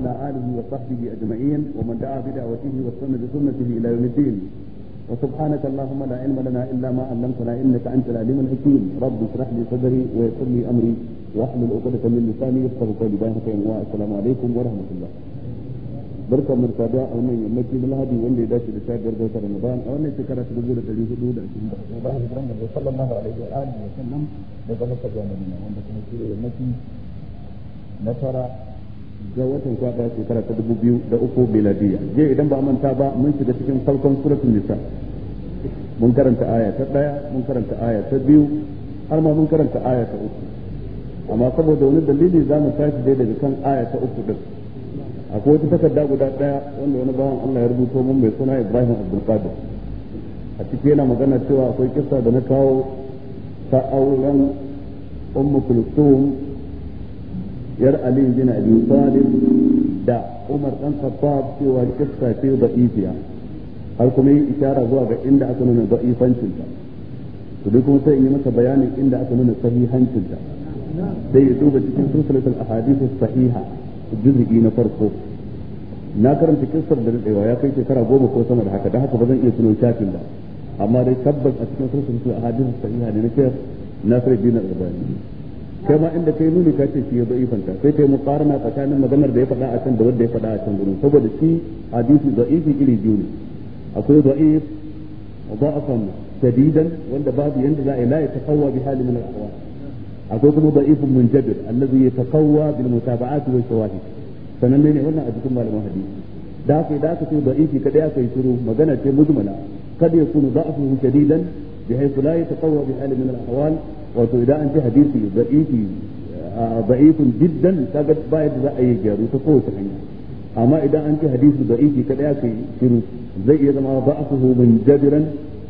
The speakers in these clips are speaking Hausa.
إلى آله وصحبه أجمعين ومن دعا بدعوته واستنى بسنته إلى يوم الدين وسبحانك اللهم لا علم لنا إلا ما علمتنا إنك أنت العليم الحكيم رب اشرح لي صدري ويسر لي أمري واحلل عقدة من لساني يفقه قولي بارك السلام عليكم ورحمة الله بركة من تابع أمي يمتي من الهدي وإني داشي لشاك رمضان أو أني تكرت بقولة اليهود وإني داشي لشاك رمضان وإني داشي لشاك رمضان صلى الله عليه وآله وسلم نظر نصر جانبنا وإني داشي لشاك رمضان نصر ga watan kwaɗa shekara ta dubu biyu da uku miladiya je idan ba manta ba mun shiga cikin farkon suratul nisa mun karanta aya ta ɗaya mun karanta aya ta biyu har ma mun karanta aya ta uku amma saboda wani dalili za mu tashi dai daga kan aya ta uku din akwai wata takarda guda ɗaya wanda wani bawan Allah ya rubuto mun mai suna Ibrahim Abdul Qadir a ciki yana magana cewa akwai kissa da na kawo ta auren Ummu Kulthum yar ali bin abi talib da umar dan khattab cewa kissa ce da'ifiya har kuma yi isharar zuwa ga inda aka nuna da'ifancin ta to dai kuma sai in yi masa bayanin inda aka nuna sahihancin ta sai ya duba cikin sulsulatul ahadithu sahiha juz'i na farko na karanta kissar da dadewa ya kai shekara goma ko sama da haka dan haka ba zan iya tuno shafin ba amma dai tabbas a cikin sulsulatul ahadithu sahiha ne na Sheikh Nasiruddin Al-Albani kai ma inda kai nuni ka ce shi ya da'ifanta sai kai muqarana tsakanin maganar da ya faɗa a can da wanda ya faɗa a can gurin saboda shi hadisi da'ifi iri biyu ne akwai da'if da'afan sadidan wanda babu yanda za a yi la yatakawwa bi halin mana al-ahwal akwai kuma da'ifun munjabir allazi yatakawwa bil mutaba'ati wa shawahid sanan ne wannan a cikin malaman hadisi da kai da aka ce da'ifi kada aka yi shiru magana ce mujmala kada ya kunu da'afuhu shadidan bihaythu la yatakawwa bi halin mana al-ahwal wato idan an ji hadisi da'ifi da'ifun jiddan kaga ba yadda za a yi gyaru ta kowace hanya amma idan an ji hadisi da'ifi kada ya kai shiru zai iya zama ba a ba'athu min jadiran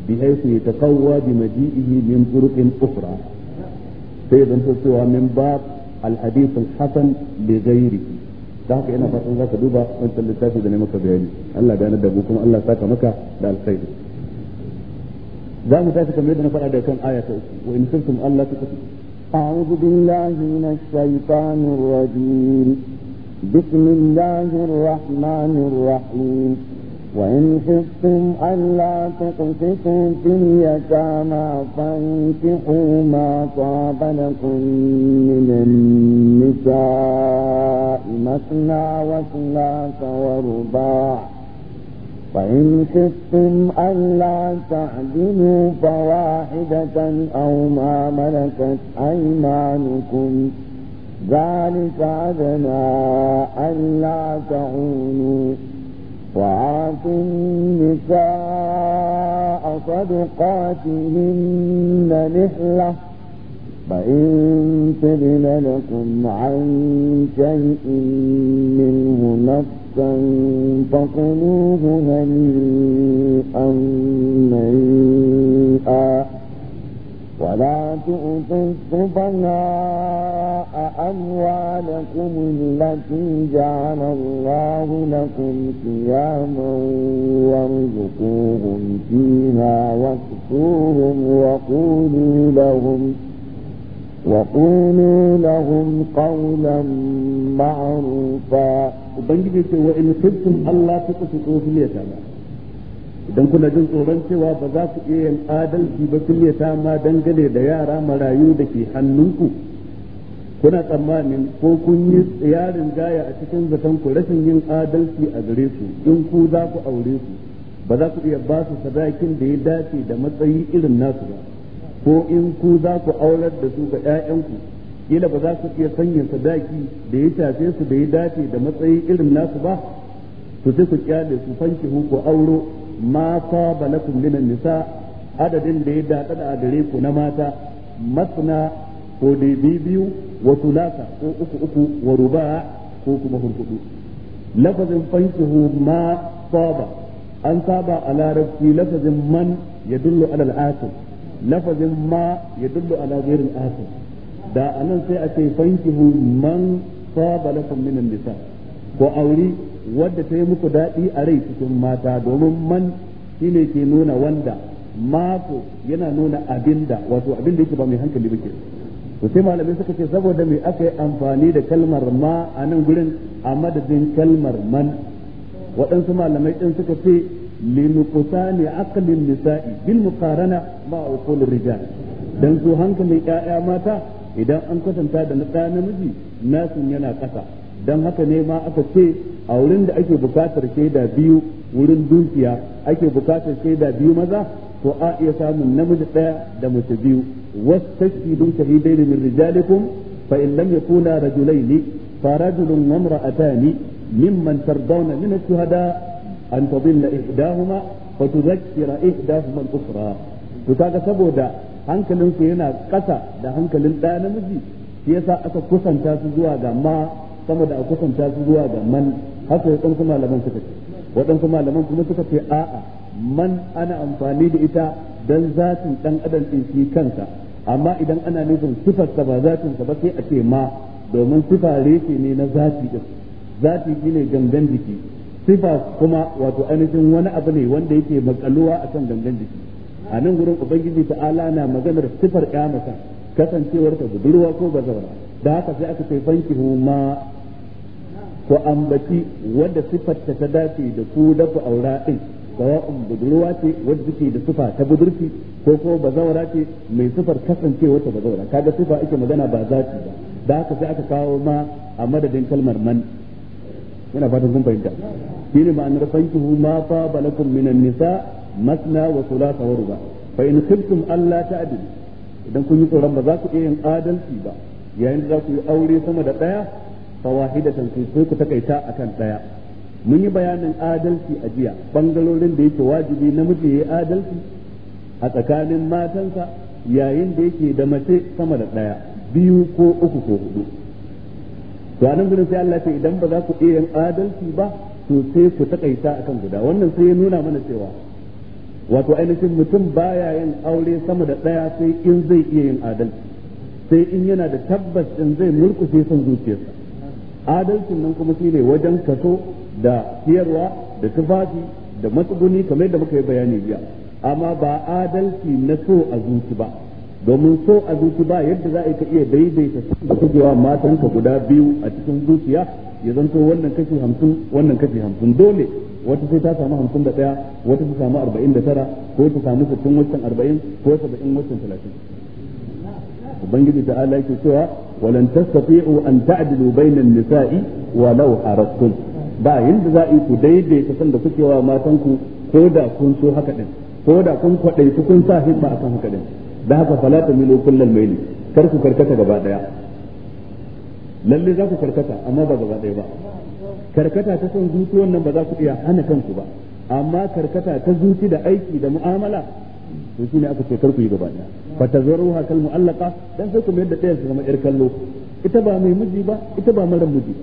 bi ya taqawwa bi maji'ihi min turuqin ukhra sai dan ta cewa min ba al-hadith al-hasan bi ghairi da haka ina fatan zaka duba wannan littafi da ne maka bayani Allah gane da ku kuma Allah saka maka da alkhairi za mu tafi kamar yadda na faɗa da kan aya ta uku wa in kuntum Allah ta kafi أعوذ بالله من الشيطان الرجيم بسم الله الرحمن الرحيم وإن خفتم ألا تقسطوا في اليتامى فانكحوا ما طاب لكم من النساء مثنى وثلاث ورباع فإن خفتم ألا تعدلوا فواحدة أو ما ملكت أيمانكم ذلك أدنى ألا تعونوا وآتوا النساء صدقاتهن نحلة فإن تبن لكم عن شيء منه نفسا فقلوه هنيئا مريئا ولا تؤتوا السفهاء أموالكم التي جعل الله لكم قياما وارزقوهم فيها واكسوهم وقولوا لهم ۖ وقولوا لهم قولا معروفا ubangiji ce wa in kuntum Allah ta kusuto fil ba, idan kuna jin tsoron cewa ba za ku iya yin adalci ba fil ma dangane da yara marayu da ke hannunku kuna tsammanin ko kun yi yarin gaya a cikin zaton ku rashin yin adalci a gare su in ku za ku aure su ba za ku iya ba su sadakin da ya dace da matsayi irin nasu ba ko in ku za ku aurar da su ga 'ya'yanku kila ba za su iya sanya sadaki da ya tafe su da ya dace da matsayi irin nasu ba to sai ku kyale su fanki ku auro ma fa balakum min nisa adadin da ya dace da gare ku na mata masna ko da biyu wa thulatha ko uku uku wa ruba ko kuma hurkudu lafazin hu ma saba an saba a larabci lafazin man yadullu alal asir lafazin ma ya dullu ala ghairin asir da anan sai a ce fankihu man saba lakum minan nisa ko auri wadda ta yi muku daɗi a rai cikin mata domin man shine ke nuna wanda mako yana nuna abinda wato abinda yake ba mai hankali ba ke to sai malamai suka ce saboda mai aka yi amfani da kalmar ma a nan gurin a madadin kalmar man waɗansu malamai ɗin suka ce لنقصان عقل النساء بالمقارنة مع عقول الرجال dan su hankalin ƴaƴa mata idan an kwatanta da na ɗaya namiji nasin yana ƙasa don haka ne ma aka ce a wurin da ake buƙatar shaida biyu wurin dukiya ake buƙatar shaida biyu maza to a iya samun namiji ɗaya da mace biyu wastashhidu shahidain min rijalikum fa in lam yakuna rajulaini fa rajulun wa imra'atani mimman tardawna min ash-shuhada' an tadilla ihdahuma fa tudhakkira ihdahuma al-ukhra to kaga saboda hankalin su yana kasa da hankalin ɗaya namiji shi yasa aka kusanta su zuwa ga ma sama da a kusanta su zuwa ga man haka kuma malaman suka ce waɗansu malaman kuma suka ce a'a man ana amfani da ita dan zatin dan adam din shi kansa amma idan ana nufin sifarsa ba zatin sa ba sai a ce ma domin sifa reke ne na zati din zati shine gangan jiki sifa kuma wato ainihin wani abu ne wanda yake makaluwa a kan gangan jiki a nan gurin ubangiji ta'ala na maganar sifar kyamata mata kasancewar ta budurwa ko bazawara da haka sai aka ce banki ma ko ambaci wanda sifar ta ta dace da ku dafa aura din sawa'un budurwa ce wanda take da sifa ta budurki ko ko bazawara ce mai sifar kasancewar ta bazawara kaga sifa ake magana ba zati ba da haka sai aka kawo ma a madadin kalmar man yana fatan kun fahimta shine ma'anar fankihu ma fa balakum minan nisa masna wa thulatha wa ruba fa in khiftum alla ta'dilu idan kun yi tsoron ba za ku iya yin adalci ba yayin da za ku yi aure sama da daya fa wahidatan sai ku takaita akan daya mun yi bayanin adalci a jiya bangalorin da yake wajibi namiji ya yi adalci a tsakanin matansa yayin da yake da mace sama da daya biyu ko uku ko hudu to anan gurin sai Allah ce idan ba za ku iya yin adalci ba to sai ku takaita akan guda wannan sai ya nuna mana cewa wato ainihin mutum baya yin aure sama da ɗaya sai in zai iya yin adalci sai in yana da tabbas in zai sai son zuciyarsa adalcin nan kuma shine wajen kaso da siyarwa da tufafi da matsuguni kamar da muka yi bayani biya amma ba adalci na so a zuci ba domin so a zuci ba yadda za a iya daidaita da wa matanka guda biyu a cikin zuciya ya zanto wannan kashi hamsin wannan kashi hamsin dole wata sai ta samu hamsin da ɗaya wata ta samu arba'in da tara ko ta samu sittin wancan arba'in ko saba'in wancan talatin ubangiji ta ala yake cewa walan tastati'u an ta'dilu bainan nisa'i walau harastum ba yadda za a yi ku daidaita san da kuke wa matanku ko da kun so haka din ko da kun kwadaitu kun sa himma akan haka din da haka fala tamilu kullal maili kar ku karkata gaba daya lalle za ku karkata amma ba gaba daya ba karkata ta son zuci wannan ba za ku iya hana kanku ba amma karkata ta zuci da aiki da mu'amala to shine aka ce kar ku yi gaba daya fa tazruha kal mu'allaqa dan sai ku mai da ɗayan su zama yar kallo ita ba mai miji ba ita ba mara miji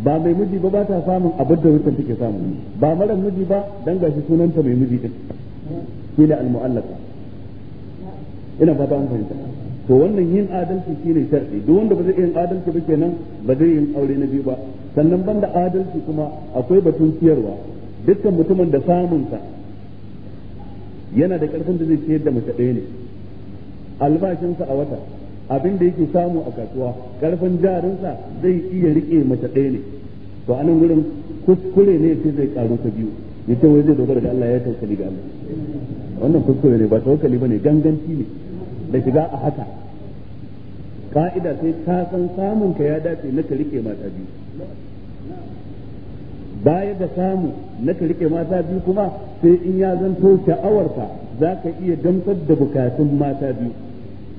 ba mai miji ba ba ta samun abin da wutan take samu ba mara miji ba dan gashi sunanta mai miji din shine al mu'allaqa ina fata an fahimta to wannan yin adalci shine sharɗi duk wanda ba zai yin adalci ba kenan ba zai yin aure na biyu ba sannan banda adalci kuma akwai batun ciyarwa dukkan mutumin da samunsa yana da karfin da zai ciyar da mace ɗaya ne albashinsa a wata abin da yake samu a kasuwa ƙarfin jarinsa zai iya riƙe mace ɗaya ne to a nan wurin kuskure ne sai zai ƙaru ka biyu ita ce wai zai dogara da Allah ya tausali ga Allah wannan kuskure ne ba tawakkali bane ganganci ne da shiga a haka ka'ida sai ka san samun ka ya dace na ka mata biyu baya da samu na ka mata biyu kuma sai in ya zanto sha'awarka za ka iya gamsar da bukatun mata biyu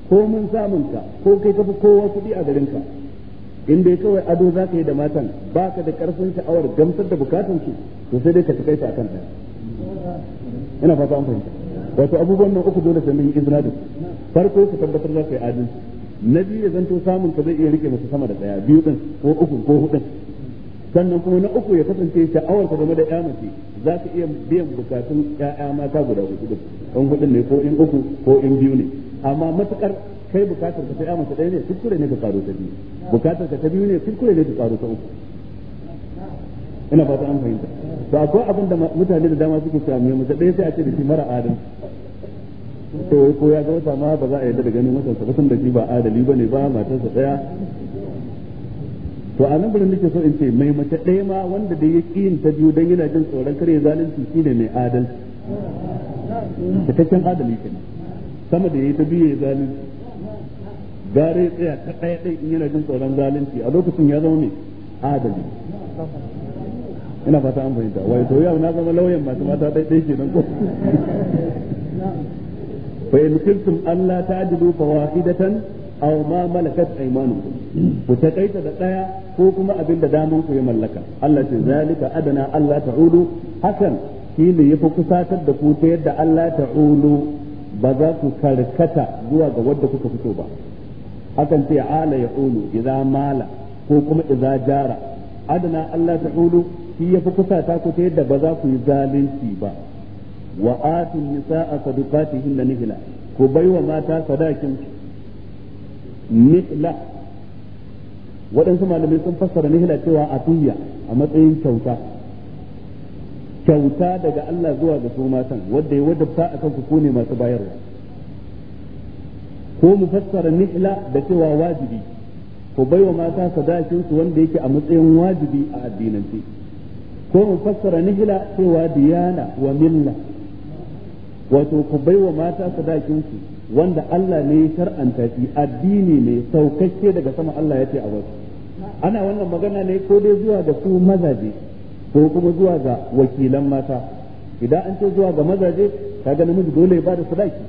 ko mun samun ka ko kai ka fi kowa kuɗi a garin ka in dai kawai ado za ka yi da matan ba ka da ƙarfin sha'awar gamsar da bukatun su to sai dai ka kai ta akan ɗaya ina fata an fahimta wato abubuwan nan uku dole sai mun yi izina da su farko ku tabbatar za ku yi adalci na biyu ya zanto samun ka zai iya rike masa sama da daya biyu din ko uku ko hudu sannan kuma na uku ya kasance sha'awar ka game da ya mace za ka iya biyan bukatun ƴaƴa mata guda hudu in hudu ne ko in uku ko in biyu ne amma matukar kai bukatar ka ta ya mace ɗaya ne kuskure ne ka karo ta biyu bukatar ka ta biyu ne kuskure ne ka karo ta uku ina fata an fahimta to akwai abin da mutane da dama suke cewa mai mace ɗaya sai a ce da shi mara adam to ko ya ga wata ma ba za a yarda da ganin masa ba da shi ba adali bane ba matarsa ɗaya to a nan gurin nake so in ce mai mace ɗaya ma wanda da ya ƙi ta biyu don yana jin tsoron kare zalunci shine mai ta cikakken adali kenan sama da yayi ta biyu ya zalunci gare tsaya ta ɗaya ɗaya in yana jin tsoron zalunci a lokacin ya zama mai adali ina fata an fahimta wai to yau na zama lauyan masu mata dai dai nan ko fa in kuntum alla ta'dilu fawahidatan aw ma malakat aymanukum ku takaita da daya ko kuma abin da ku ya mallaka Allah ce zalika adana Allah ta'ulu hakan shine yafi kusatar da ku ta yadda Allah ta'ulu ba za ku karkata zuwa ga wadda kuka fito ba akan ce ala ya'ulu idza mala ko kuma idza jara adana Allah ta'ulu shi ya fi kusa ta ku ta yadda ba za ku yi zalunci ba wa atun nisa'a da nihila ku baiwa mata sadakin nihila waɗansu malamai sun fassara nihila cewa a tuya a matsayin kyauta kyauta daga Allah zuwa ga su matan wadda ya a kan ku ne masu bayarwa ko mu fassara nihila da cewa wajibi ku baiwa mata sadakin su wanda yake a matsayin wajibi a addinance ko in fassara nihila cewa diyana wa milla wato ku bai wa mata sadakin su wanda Allah ne ya shar'anta shi addini ne saukakke daga sama Allah ya ce a wasu ana wannan magana ne ko dai zuwa ga su mazaje ko kuma zuwa ga wakilan mata idan an ce zuwa ga mazaje kaga namiji dole ya bada sadaki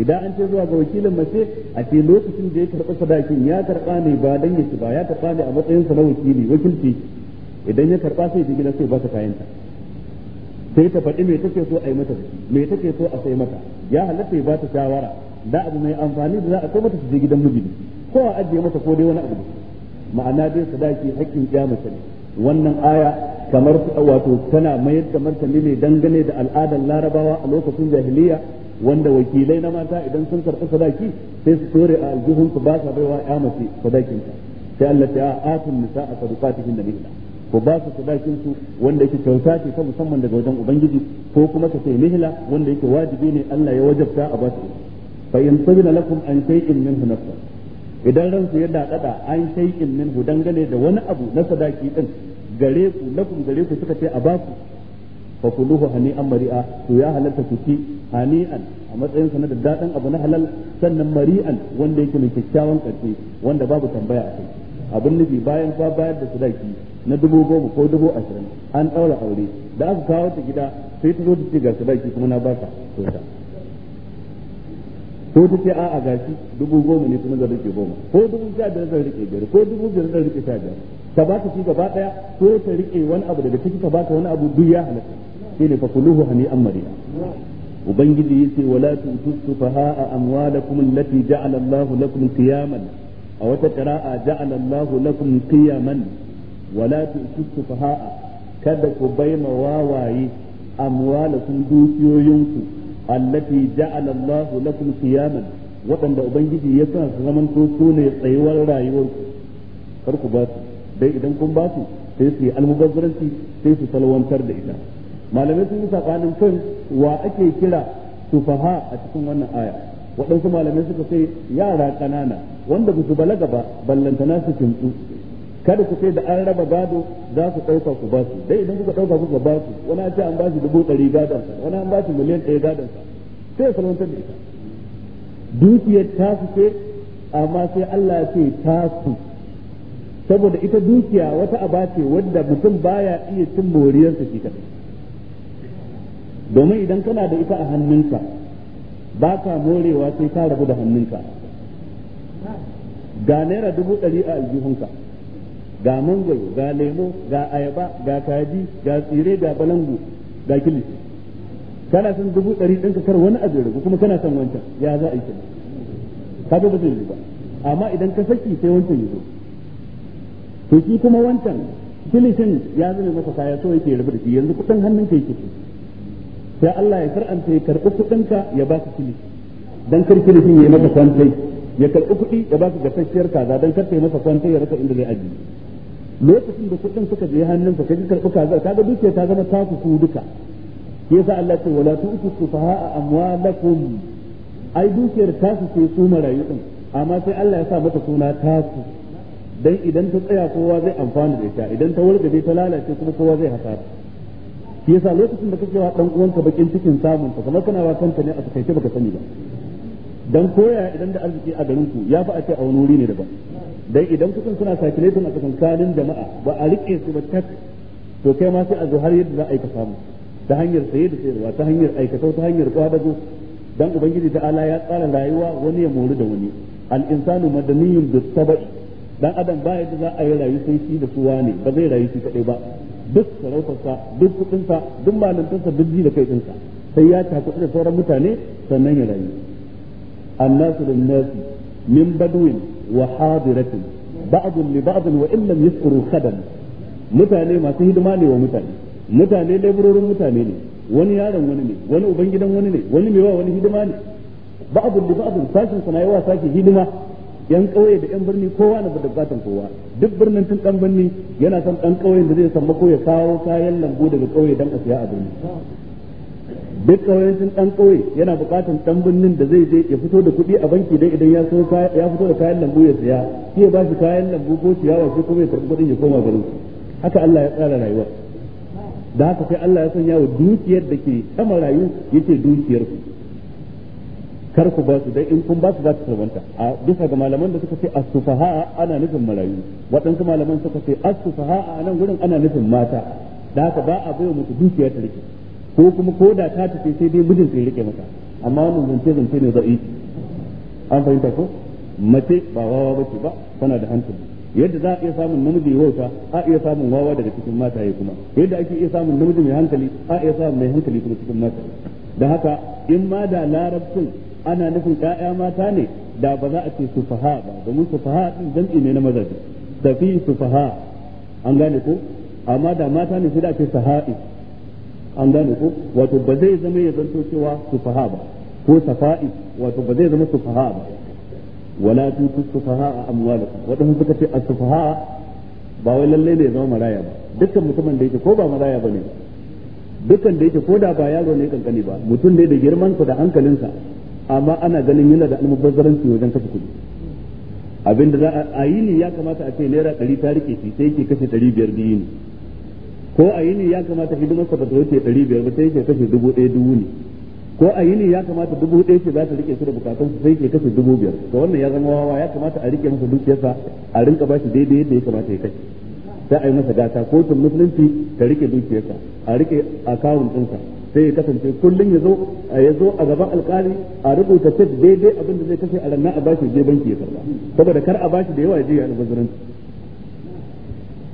idan an ce zuwa ga wakilin mace a ce lokacin da ya karɓi sadakin ya karɓa ne ba dan ya ci ba ya karɓa ne a matsayin sa na wakili wakilci idan ya karba sai ji sai ba ta kayanta sai ta faɗi me take so a yi mata me take so a sai mata ya halatta ya ba ta shawara da abu mai amfani da za a kai mata su je gidan miji ko a ajiye mata ko dai wani abu ma'ana dai sadaki haƙƙin kiyamata ne wannan aya kamar wato tana mayar da martani ne dangane da al'adar larabawa a lokacin jahiliya wanda wakilai na mata idan sun karɓi sadaki sai su tore a aljihunsu ba sa baiwa ya mace sadakin ta sai Allah ta atun nisa a da ni'ila ko ba su sadakin su wanda yake kyauta ce ta musamman daga wajen ubangiji ko kuma ka sai mihla wanda yake wajibi ne Allah ya wajabta a ba su fa in sabila lakum an shay'in minhu nafsa idan ranku ya dadada an shay'in minhu dangane da wani abu na sadaki din gare ku lakum gare ku suka ce a ba ku fa kuluhu hani'an mari'a to ya halatta ku ci hani'an a matsayin sa na da abu na halal sannan mari'an wanda yake mai kyakkyawan karshe wanda babu tambaya a kai abin nufi bayan ka bayar da sadaki na dubu goma ko dubu ashirin an ɗaura aure da aka kawo ta gida sai ta zo ta ce ga su baki kuma na ba ka tota ko ta ce a'a ga shi dubu goma ne kuma zan rike goma ko dubu sha biyar zan rike biyar ko dubu biyar zan rike sha biyar ka ba ta shi gaba ɗaya ko ta rike wani abu daga ciki ka ba ka wani abu duk ya halatta shi ne fa kuluhu hani an mariya ubangiji yace wala ha a amwalakum allati ja'ala Allahu lakum qiyaman a wata qira'a ja'ala Allahu lakum qiyaman wala tu'tu fahaa kada ku bayyana wawaye amwalakum dukiyoyinku allati ja'ala Allah lakum qiyaman waɗanda ubangiji ya sa su zaman to ne tsayuwar rayuwarku kar ku ba su dai idan kun ba su sai su yi almubazzaranci sai su salwantar da ita malamai sun yi sabanin kan wa ake kira sufaha a cikin wannan aya waɗansu malamai suka sai yara ƙanana wanda ba su balaga ba ballantana su kimtsu kada ku sai da an raba gado za ku ɗauka ku ba su dai idan kuka ɗauka kuka ba su wani an ce an ba shi dubu ɗari gadon sa wani an ba shi miliyan ɗaya gadon sa sai ya salwantar da ita dukiyar ta su ce amma sai Allah ya ce ta su saboda ita dukiya wata aba ce wadda mutum baya iya cin moriyarsa shi kaɗai domin idan kana da ita a hannunka ba ka morewa sai ka rabu da hannunka ga naira dubu ɗari a aljihunka ga mangwaro ga lemo ga ayaba ga kaji ga tsire ga balangu ga kilishi kana son dubu ɗari ka kar wani abu ya kuma kana son wancan ya za a yi kenan kaga ba zai yi ba amma idan ka saki sai wancan ya zo to shi kuma wancan kilishin ya zama masa kaya so yake rabu da shi yanzu kudin hannun ka yake sai Allah ya karanta ya karɓi kuɗinka ya baka kilishi dan kar kilishin ya yi masa kwantai ya karɓi kuɗi ya baka gasasshiyar kaza dan kar ta yi masa kwantai ya rasa inda zai ajiye lokacin da kuɗin suka je hannun ka ji karɓi kazar kaga dukiya ta zama ta ku duka sa Allah ce wala tu'tu sufaha'a amwalakum ai dukiyar tasu ce su marayu din amma sai Allah ya sa mata suna tasu dan idan ta tsaya kowa zai amfana da ita idan ta wargaje ta lalace kuma kowa zai hasara ke sa lokacin da kake wa dan uwanka bakin cikin samun ta kamar kana wasan ta ne a sakaice baka sani ba dan koya idan da arziki a garin ku ya fi a ce a wani wuri ne daban dan idan kuɗin suna circulating a tsakankanin jama'a ba a rike su ba tak to kai ma sai a zo har yadda za a ka samu ta hanyar saye da sayarwa ta hanyar aikatau ta hanyar kwadago dan ubangiji ta ala ya tsara rayuwa wani ya mori da wani al insanu madaniyun bis sabai dan adam ba yadda za a yi rayu sai shi da suwa ne ba zai rayu shi kadai ba duk sarautarsa duk kudinsa duk malantarsa duk ji da kai dinsa sai ya tafi da sauran mutane sannan ya rayu annasu lin nasi min badwin wa hadiratin ba'd li ba'd wa in yaskuru khadan mutane masu hidima ne wa mutane mutane leburorin mutane ne wani yaron wani ne wani ubangidan wani ne wani mai wa wani hidima ne ba'd li ba'd sashin sana yawa sashi hidima yan kauye da yan birni kowa na da bukatan kowa duk birnin tun dan birni yana son dan kauyen da zai samu ko ya kawo kayan lambu daga kauye dan a siya a birni duk kawancin ɗan kauye yana bukatan dan birnin da zai je ya fito da kuɗi a banki dan idan ya ya fito da kayan lambu ya siya shi ya bashi kayan lambu ko ciyawa ko kuma ya karɓi kuɗin ya koma garin haka Allah ya tsara rayuwa da haka sai Allah ya sanya wa dukiyar da ke sama rayu yace dukiyar ku kar ku ba su dai in kun ba su za su a bisa ga malaman da suka ce as-sufaha ana nufin marayu waɗansu malaman suka ce as-sufaha a nan gurin ana nufin mata da haka ba a bai mutu dukiyar ta rike ko kuma ko da ta tafi sai dai mijin sai rike mata amma wannan zance zance ne za'i an fahimta ko mace ba wawa bace ba tana da hankali yadda za a iya samun namiji ya wauta a iya samun wawa daga cikin mataye kuma yadda ake iya samun namiji mai hankali a iya samun mai hankali kuma cikin mataye da haka in ma da larabcin ana nufin ƴaƴa mata ne da ba za a ce sufaha ba domin sufaha din jam'i ne na mazaje tafi sufaha an gane ko amma da mata ne sai da ake saha'i an gane ko wato ba zai zama ya zanto cewa sufaha ba ko safa'i wato ba zai zama sufaha ba wala tutu sufaha a amwalakum wadanda suka ce a sufaha ba wai lalle ne zama maraya ba dukkan mutumin da yake ko ba maraya bane dukkan da yake ko da ba yaro ne kankani ba mutum ne da girman sa da hankalinsa amma ana ganin yana da almubazzaranci wajen kashe kuɗi abinda za a yi ne ya kamata a ce naira ɗari ta rike shi sai yake kashe ɗari biyar biyu ne ko a yini ya kamata hidimarsa ba ta wuce ɗari biyar ba sai ke kashe dubu ɗaya dubu ne ko a yini ya kamata dubu ɗaya ce za ta rike su da bukatun su sai ke kashe dubu biyar to wannan ya zama wawa ya kamata a rike masa dukiyarsa a rinka ba shi daidai yadda ya kamata ya kashe sai a yi masa gata kotun musulunci ta rike dukiyarsa a rike akawun ɗinsa sai ya kasance kullum ya zo a ya zo a gaban alkali a rubuta cek daidai abin da zai kashe a ranar a bashi je banki ya karba saboda kar a bashi da yawa ya je ya albazuranci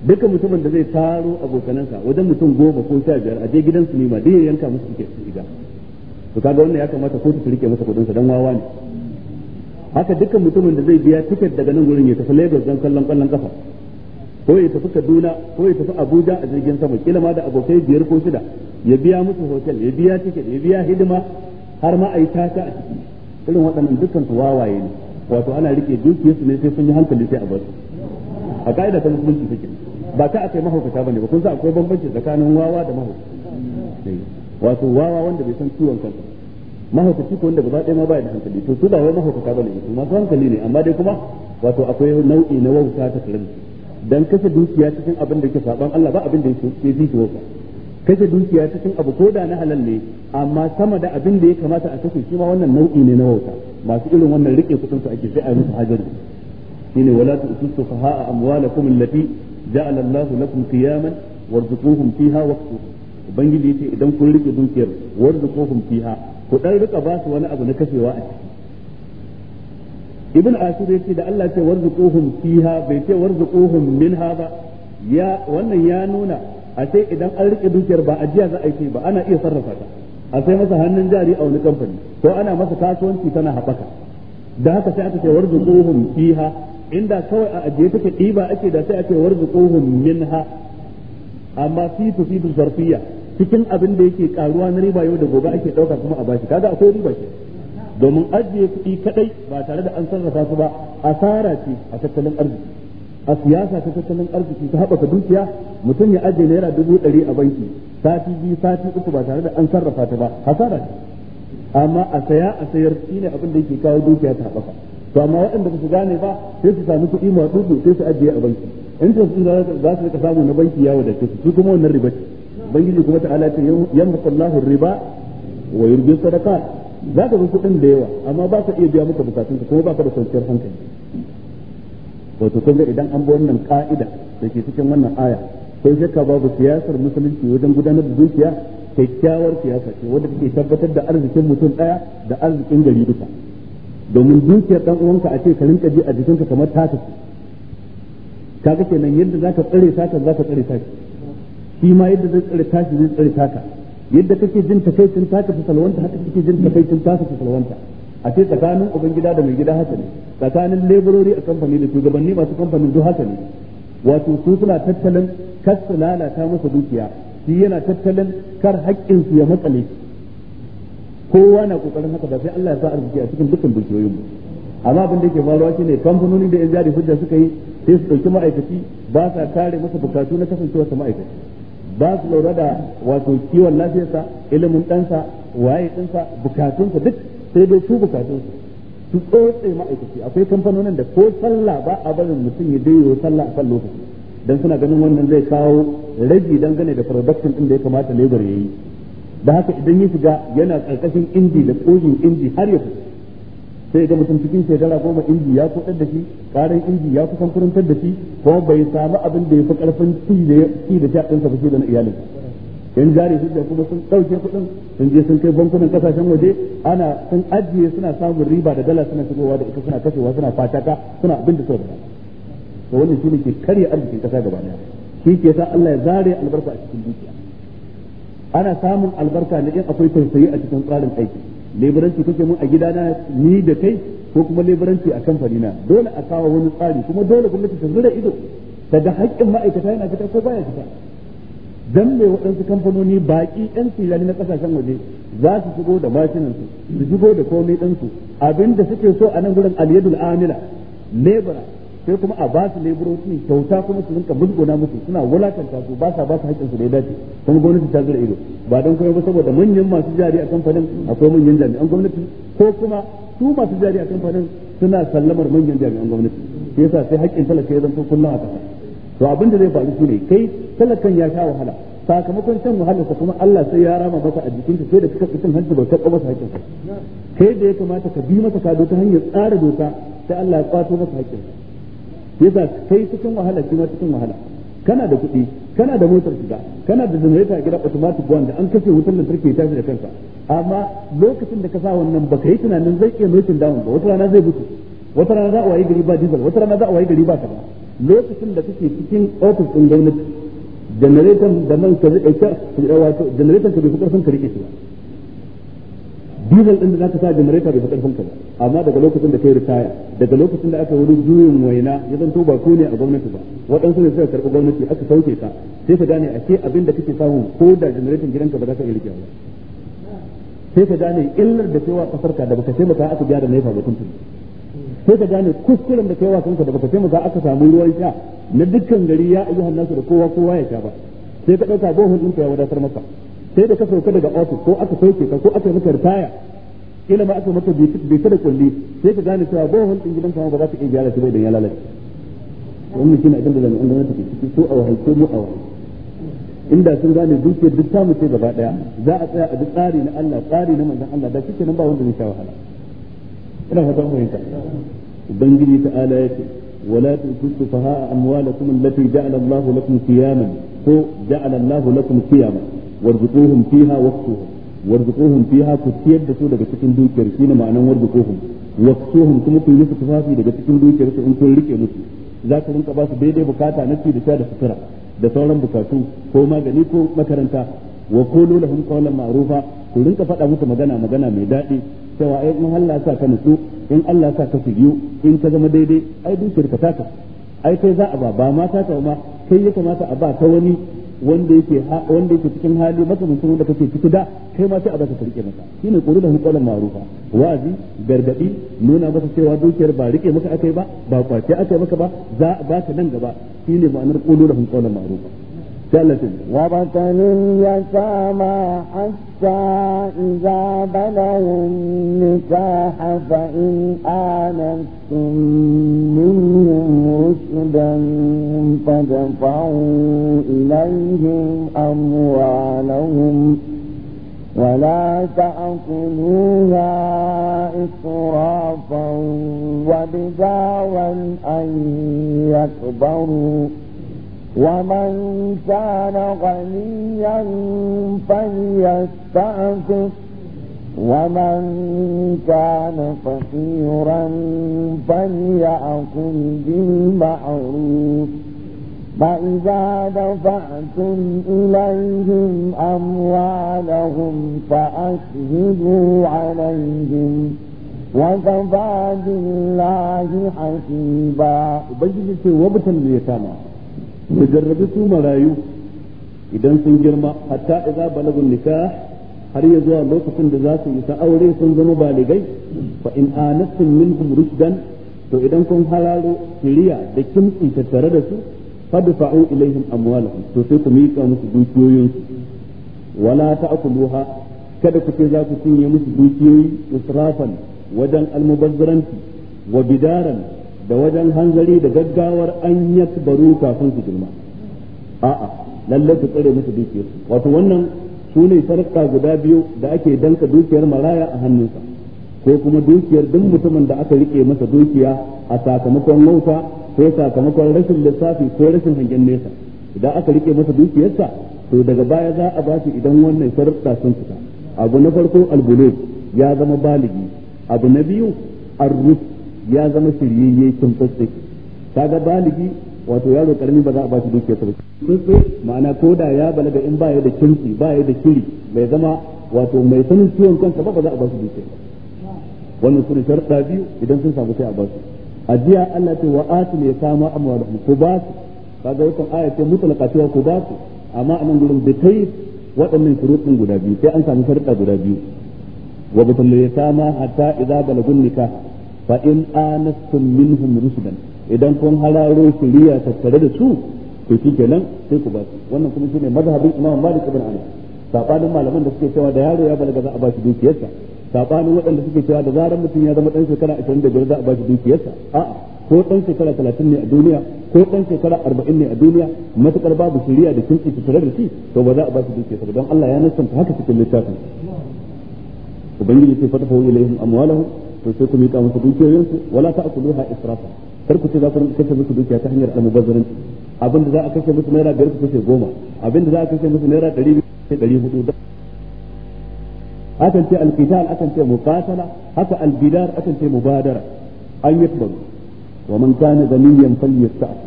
duka mutumin da zai taro abokanansa wajen mutum goma ko sha biyar a je gidan sinima duk ya yanka musu tiket su shiga to kaga wannan ya kamata ko ta rike masa kudin sa dan wawa ne haka duka mutumin da zai biya tiket daga nan gurin ya tafi Lagos dan kallon kallon kafa ko ya tafi Kaduna ko ya tafi Abuja a jirgin sama kila ma da abokai biyar ko shida ya biya musu hotel ya biya tiket ya biya hidima har ma a ta ta a ciki irin waɗannan dukkan su wawaye ne wato ana rike dukiyarsu ne sai sun yi hankali sai a bar a ka'ida ta musulunci take ba ta akai mahaukata ba ne ba kun san akwai bambanci tsakanin wawa da mahaukata wato wawa wanda bai san ciwon kansa mahaukaci ko wanda gaba ɗaya ma baya da hankali to su ba wai mahaukata bane su masu hankali ne amma dai kuma wato akwai nau'i na wauta ta tare dan kashe dukiya cikin abin da ke saban Allah ba abin da yake fi shi wauta kashe dukiya cikin abu ko da na halal ne amma sama da abin da ya kamata a kashe shi ma wannan nau'i ne na wauta masu irin wannan rike kudin su ake sai a yi musu hajjar shine wala tu'tu fuqaha amwalakum allati ja'ala Allahu lakum qiyaman warzuquhum fiha waqtuhum ubangiji yace idan kun rike dukiyar warzuquhum fiha ku dan rika ba su wani abu na kashewa a ciki ibn asir yace da Allah ce warzuquhum fiha bai ce warzuquhum minha ba ya wannan ya nuna a sai idan an rike dukiyar ba ajiya za a yi ba ana iya sarrafa ta a sai masa hannun jari a wani kamfani ko ana masa kasuwanci tana haɓaka da haka sai aka ce ƙohun fiha inda kawai a ajiye take ɗiba ake da sai ake ƙohun minha amma fi tufidu zarfiyya cikin abin da yake karuwa na riba yau da gobe ake ɗauka kuma a bashi kaga akwai riba ke domin ajiye kuɗi kadai ba tare da an sarrafa su ba asara ce a tattalin arziki a siyasa ta tattalin arziki ta haɓaka dukiya mutum ya ajiye naira dubu ɗari a banki sati biyu sati uku ba tare da an sarrafa ta ba hasara ce amma a saya a sayar shi ne abin da yake kawo dukiya ta haɓaka to amma waɗanda ba su gane ba sai su sami kuɗi ma dubu sai su ajiye a banki in su sun za su rika samu na banki yawo da su su kuma wannan riba ce bangiji kuma ta'ala ce yamma Allahu riba wa yurbi sadaka za ka ga kuɗin da yawa amma ba ka iya biya maka bukatunka kuma ba ka da kwanciyar hankali wato kun ga idan an bi wannan ka'ida da ke cikin wannan aya sai shakka babu siyasar musulunci wajen gudanar da dukiya kyakkyawar siyasa ce wanda take tabbatar da arzikin mutum daya da arzikin gari duka domin dukiyar dan uwanka a ce ka rinka ji a jikinka kamar taka Ka kaga kenan yadda zaka tsare za zaka tsare taka shi ma yadda zai tsare tashi zai tsare saka yadda kake jin kai taka ta salwanta haka kake jin kai tun ta salwanta a ce tsakanin gida da mai gida haka ne tsakanin leburori a kamfani da shugabanni masu kamfanin duk haka ne wato su suna tattalin kasu lalata masa dukiya shi yana tattalin kar haƙƙin su ya matsale kowa na ƙoƙarin haka ba sai Allah ya sa arziki a cikin dukkan dukiyoyin mu amma abin da yake faruwa shine kamfanoni da yan jari hujja suka yi sai su ɗauki ma'aikaci ba sa kare masa bukatu na kasancewa sa ma'aikaci ba su lura da wato kiwon lafiyarsa ilimin ɗansa waye ɗinsa bukatunsa duk sai dai su bukatunsa su tsotse ma'aikaci akwai kamfanonin da ko sallah ba a barin mutum ya je sallah a kan lokaci dan suna ganin wannan zai kawo rage dangane da production din da ya kamata labor yayi da haka idan ya shiga yana karkashin inji da kogin inji har ya fi sai ga mutum cikin shekara goma inji ya kudar da shi karan inji ya kusan kurantar da shi kuma bai samu abin da ya fi karfin ci da ci da sha ɗinsa ba shi da na iyalin yan jari su da kuma sun ɗauke kuɗin sun je sun kai bankunan kasashen waje ana sun ajiye suna samun riba da dala suna shigowa da ita suna kashewa suna fataka suna abin da suka to wannan shine ke karya arzikin kasa gaba daya shi ke sa Allah ya zare albarka a cikin dukiya ana samun albarka ne in akwai tausayi a cikin tsarin aiki leburanci kake mun a gidana ni da kai ko kuma leburanci a kamfani na dole a kawo wani tsari kuma dole gwamnati ta zura ido daga haƙƙin ma'aikata yana fita ko baya fita dan mai waɗansu kamfanoni baƙi ɗan filani na ƙasashen waje za su shigo da mashinansu su shigo da komai ɗansu abinda suke so a nan gurin aliyadul amila lebura sai kuma a ba su leburoci kyauta kuma su rinka musguna musu suna wulatanta su ba sa ba su haƙƙinsu da ya dace kuma gwamnati ta zura ido ba don kuma ba saboda manyan masu jari a kamfanin akwai manyan jami'an gwamnati ko kuma su masu jari a kamfanin suna sallamar manyan jami'an gwamnati shi yasa sai haƙƙin talaka ya zanto kullum a ƙasa to abin da zai faru shine kai talakan ya sha wahala sakamakon shan wahalar ka kuma Allah sai ya rama maka a jikinka sai da kika cin hanci ba ka ba masa haƙƙinsa kai da ya kamata ka bi masa kado ta hanyar tsara doka sai Allah ya kwato masa haƙƙinsa yasa kai cikin wahala shi ma cikin wahala kana da kuɗi kana da motar shiga kana da generator a gida automatic da an kashe wutar lantarki ya tashi da kansa amma lokacin da ka sa wannan baka yi tunanin zai iya nokin down ba wata rana zai mutu wata rana za a wayi gari ba diesel wata rana za a wayi gari ba kaza lokacin da kake cikin office din gwamnati generator da nan ka rike ka wato generator ka bi fi karfin ka rike shi ba dizel din da zaka sa generator bai karfin ka ba amma daga lokacin da kai ritaya daga lokacin da aka wani juyin waina ya to ba ko ne a gwamnati ba waɗansu ne suka karɓi gwamnati aka sauke ta sai ka gane a ce abin da kake samu ko da generator gidanka ba za ka iya rike ba sai ka gane illar da kai wa kasar ka da baka sai maka aka gyara nefa ba kuntun sai ka gane kuskuren da kai wa kanka da baka sai maka aka samu ruwan sha na dukkan gari ya ayyuhan nasu da kowa kowa ya sha ba sai ka ɗauka bohun ɗinka ya wadatar maka sai da ka sauka daga ofis ko aka sauke ka ko aka maka ritaya kila ma aka maka bai ta da kulli sai ka gane cewa bohon din gidan ka ba za ta iya gyara shi ba idan ya lalace wannan shine abin da jami'an gwamnati take ciki ko a wahal ko mu a wahal inda sun gane dukiyar duk ta mace gaba daya za a tsaya a duk tsari na Allah tsari na manzon Allah da kike nan ba wanda zai sha wahala ina fata mu fahimta ubangiji ta'ala yace ولا تؤتوا السفهاء أموالكم التي جعل الله لكم قياما هو جعل الله لكم قياما warzuquhum fiha waqtuhum warzuquhum fiha ku ciyar da su daga cikin dukiyar shine ma'anan warzuquhum waqtuhum kuma ku yi musu tufafi daga cikin dukiyar su in kun rike musu za ka rinka ba su daidai bukata na ci da sha da sutura da sauran bukatu ko magani ko makaranta wa qulu lahum qawlan ma'rufa ku rinka faɗa musu magana magana mai daɗi cewa ai in Allah sa ka nutsu in Allah sa ka shigiyu in ka zama daidai ai dukiyar ka taka ai kai za a ba ba ma ta ma kai ya kamata a ba ta wani wanda yake wanda yake cikin hali makamancin wanda kake ciki da kai ma sai a baka rike maka shine qulul lahu qawlan ma'rufa wa'azi gargadi nuna masa cewa dukiyar ba rike maka akai ba ba kwace akai maka ba za a ka nan gaba shine ma'anar qulul lahu qawlan ma'rufa ثالثا وبطن اليتامى حتى إذا بلغوا النكاح فإن آنستم منهم رشدا فادفعوا إليهم أموالهم ولا تأكلوها إسرافا وبدارا أن يكبروا ومن كان غنيا فليستعفف ومن كان فقيرا فليأكل بالمعروف فإذا دفعتم إليهم أموالهم فأشهدوا عليهم وكفى بالله حسيبا وبجد وابتل اليتامى mu jarrabi su marayu idan sun girma hatta idza balagun nikah har ya zuwa lokacin da za su ta aure sun zama baligai fa in anasun minhum rushdan to idan kun hararo shiriya da kimtsi tare da su fadfa'u ilaihim amwalahum to sai ku miƙa musu dukiyoyin su wala ta'kuluha kada ku ce za ku cinye musu dukiyoyi israfan wajen almubazzaranci wa bidaran da wajen hanzari da gaggawar an yakbaru kafin su girma a'a lallai su tsare musu dukiyar su wato wannan su ne sarƙa guda biyu da ake danka dukiyar maraya a hannunsa ko kuma dukiyar duk mutumin da aka rike masa dukiya a sakamakon wauta ko sakamakon rashin lissafi ko rashin hangen nesa idan aka rike masa dukiyarsa to daga baya za a ba bashi idan wannan sharuɗa sun fita abu na farko albulu ya zama baligi abu na biyu arruf ya zama shiryayye kin tsatsi kaga baligi wato yaro karami ba za a ba shi dukiya ta ba tsatsi ma'ana da ya balaga in ba ya da kinki ba ya da kiri bai zama wato mai sanin ciwon kansa ba ba za a ba shi dukiya ba wannan su sharɗa biyu idan sun samu sai a ba su a jiya Allah ce wa atul amma amwalahum ku ba su kaga wannan aya ce mutlaqa cewa ku ba su amma anan gurin da kai waɗannan shuruɗin guda biyu sai an samu sharɗa guda biyu wa bitul yatama hatta idza balagun nikah fa in anastum minhum rusudan idan kun hararo shiriya tattare da su to nan sai ku ba su wannan kuma shine mazhabin Imam Malik ibn Anas sabanin malaman da suke cewa da yaro ya balaga za a ba shi dukiyarsa sabanin waɗanda suke cewa da zaran mutum ya zama dan shekara 25 za a ba shi dukiyarsa a'a ko dan shekara 30 ne a duniya ko dan shekara 40 ne a duniya matukar babu shiriya da kinki tare da shi to ba za a ba shi dukiyarsa don Allah ya nasanta haka cikin littafin ubangiji sai fatahu ilaihim amwalahum to sai ku miƙa musu dukiyoyin su wala ta'kuluha israfa kar ku ce za ku kashe musu dukiya ta hanyar almubazzaranci abin da za a kashe musu naira biyar ku kashe goma abin da za a kashe musu naira ɗari biyu ku ɗari hudu akan ce alqital akan ce muqatala haka albidar akan ce mubadara an yakbaru wa man kana ganiyan falyasta'fu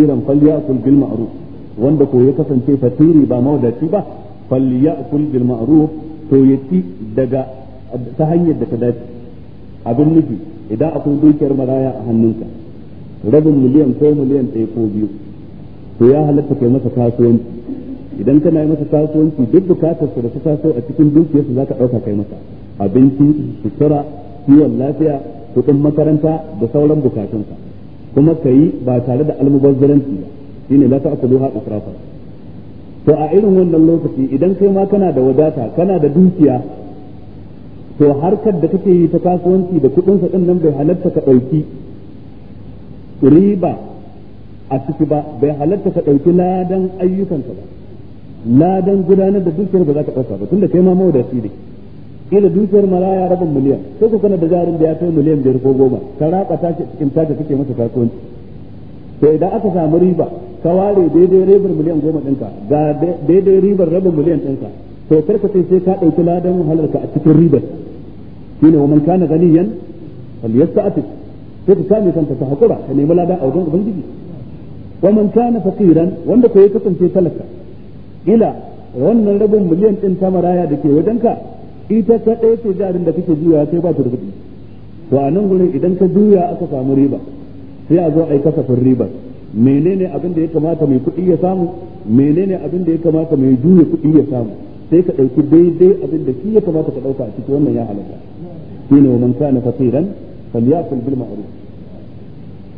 ya falyakul bil ma'ruf wanda ko ya kasance fatiri ba mawadaci ba falyakul bil ma'ruf to ya ci daga ta hanyar da ta dace abin nufi idan akwai dukiyar maraya a hannunka rabin miliyan ko miliyan ɗaya ko biyu to ya halatta kai masa kasuwanci idan kana yi masa kasuwanci duk bukatar da ta taso a cikin dukiyarsa za ka ɗauka kai masa abinci sutura kiwon lafiya kuɗin makaranta da sauran bukatunsa kuma ka yi ba tare da almubazzaranci ba shine akwai ha ƙasarafa to a irin wannan lokaci idan kai ma kana da wadata kana da dukiya to harkar da kake yi ta kasuwanci da kudin sa nan bai halatta ka ɗauki riba a ciki ba bai halatta ka ɗauki ladan ayyukanka ba ladan gudanar da dukiyar ba za ka ɗauka ba tunda kai ma mawadaci ne ila dukiyar ya rabin miliyan sai ku kana da jarin da ya kai miliyan biyar ko goma ka raba ta cikin ta da kake masa kasuwanci to idan aka samu riba ka ware daidai ribar miliyan goma ɗinka ga daidai ribar rabin miliyan ɗinka to karka sai ka ɗauki ladan wahalarka a cikin ribar shine wa man kana ganiyan falyasta'atif sai ka kame kanta ta hakura ka nemi lada a wajen ubangiji wa man kana faqiran wanda ko kasance talaka ila wannan rabin miliyan din ta maraya da ke ita ta ɗaya ce jarin da kake juya sai ba ta rubuɗi to a nan gurin idan ka juya aka samu riba sai a zo a yi kasafin ribar menene abin da ya kamata mai kuɗi ya samu menene abin da ya kamata mai juya kuɗi ya samu sai ka ɗauki daidai abin da shi ya kamata ka ɗauka a ciki wannan ya halatta shine wa man kana fasiran falyakul bil ma'ruf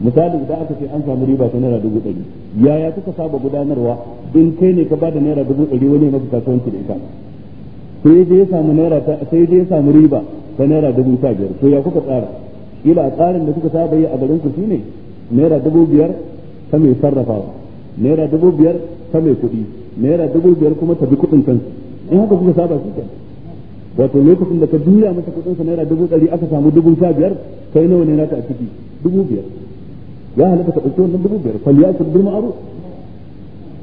misali idan aka ce an samu riba ta naira dubu ɗari yaya kuka saba gudanarwa in kai ne ka bada naira dubu ɗari wani maka kasuwanci da ita sai je ya samu naira ta sai je ya samu riba ta naira dubu sha biyar to ya kuka tsara kila a tsarin da kuka saba yi a garin ku shine naira dubu biyar ta mai sarrafa naira dubu biyar ta mai kuɗi naira dubu biyar kuma ta bi kuɗin kansu in haka kuka saba shi kenan wato lokacin da ka juya masa kudin sa naira dubu ɗari aka samu dubu sha biyar kai nawa ne ta a ciki dubu biyar ya halatta ka ɗauki wannan dubu biyar fal yakul bil aro.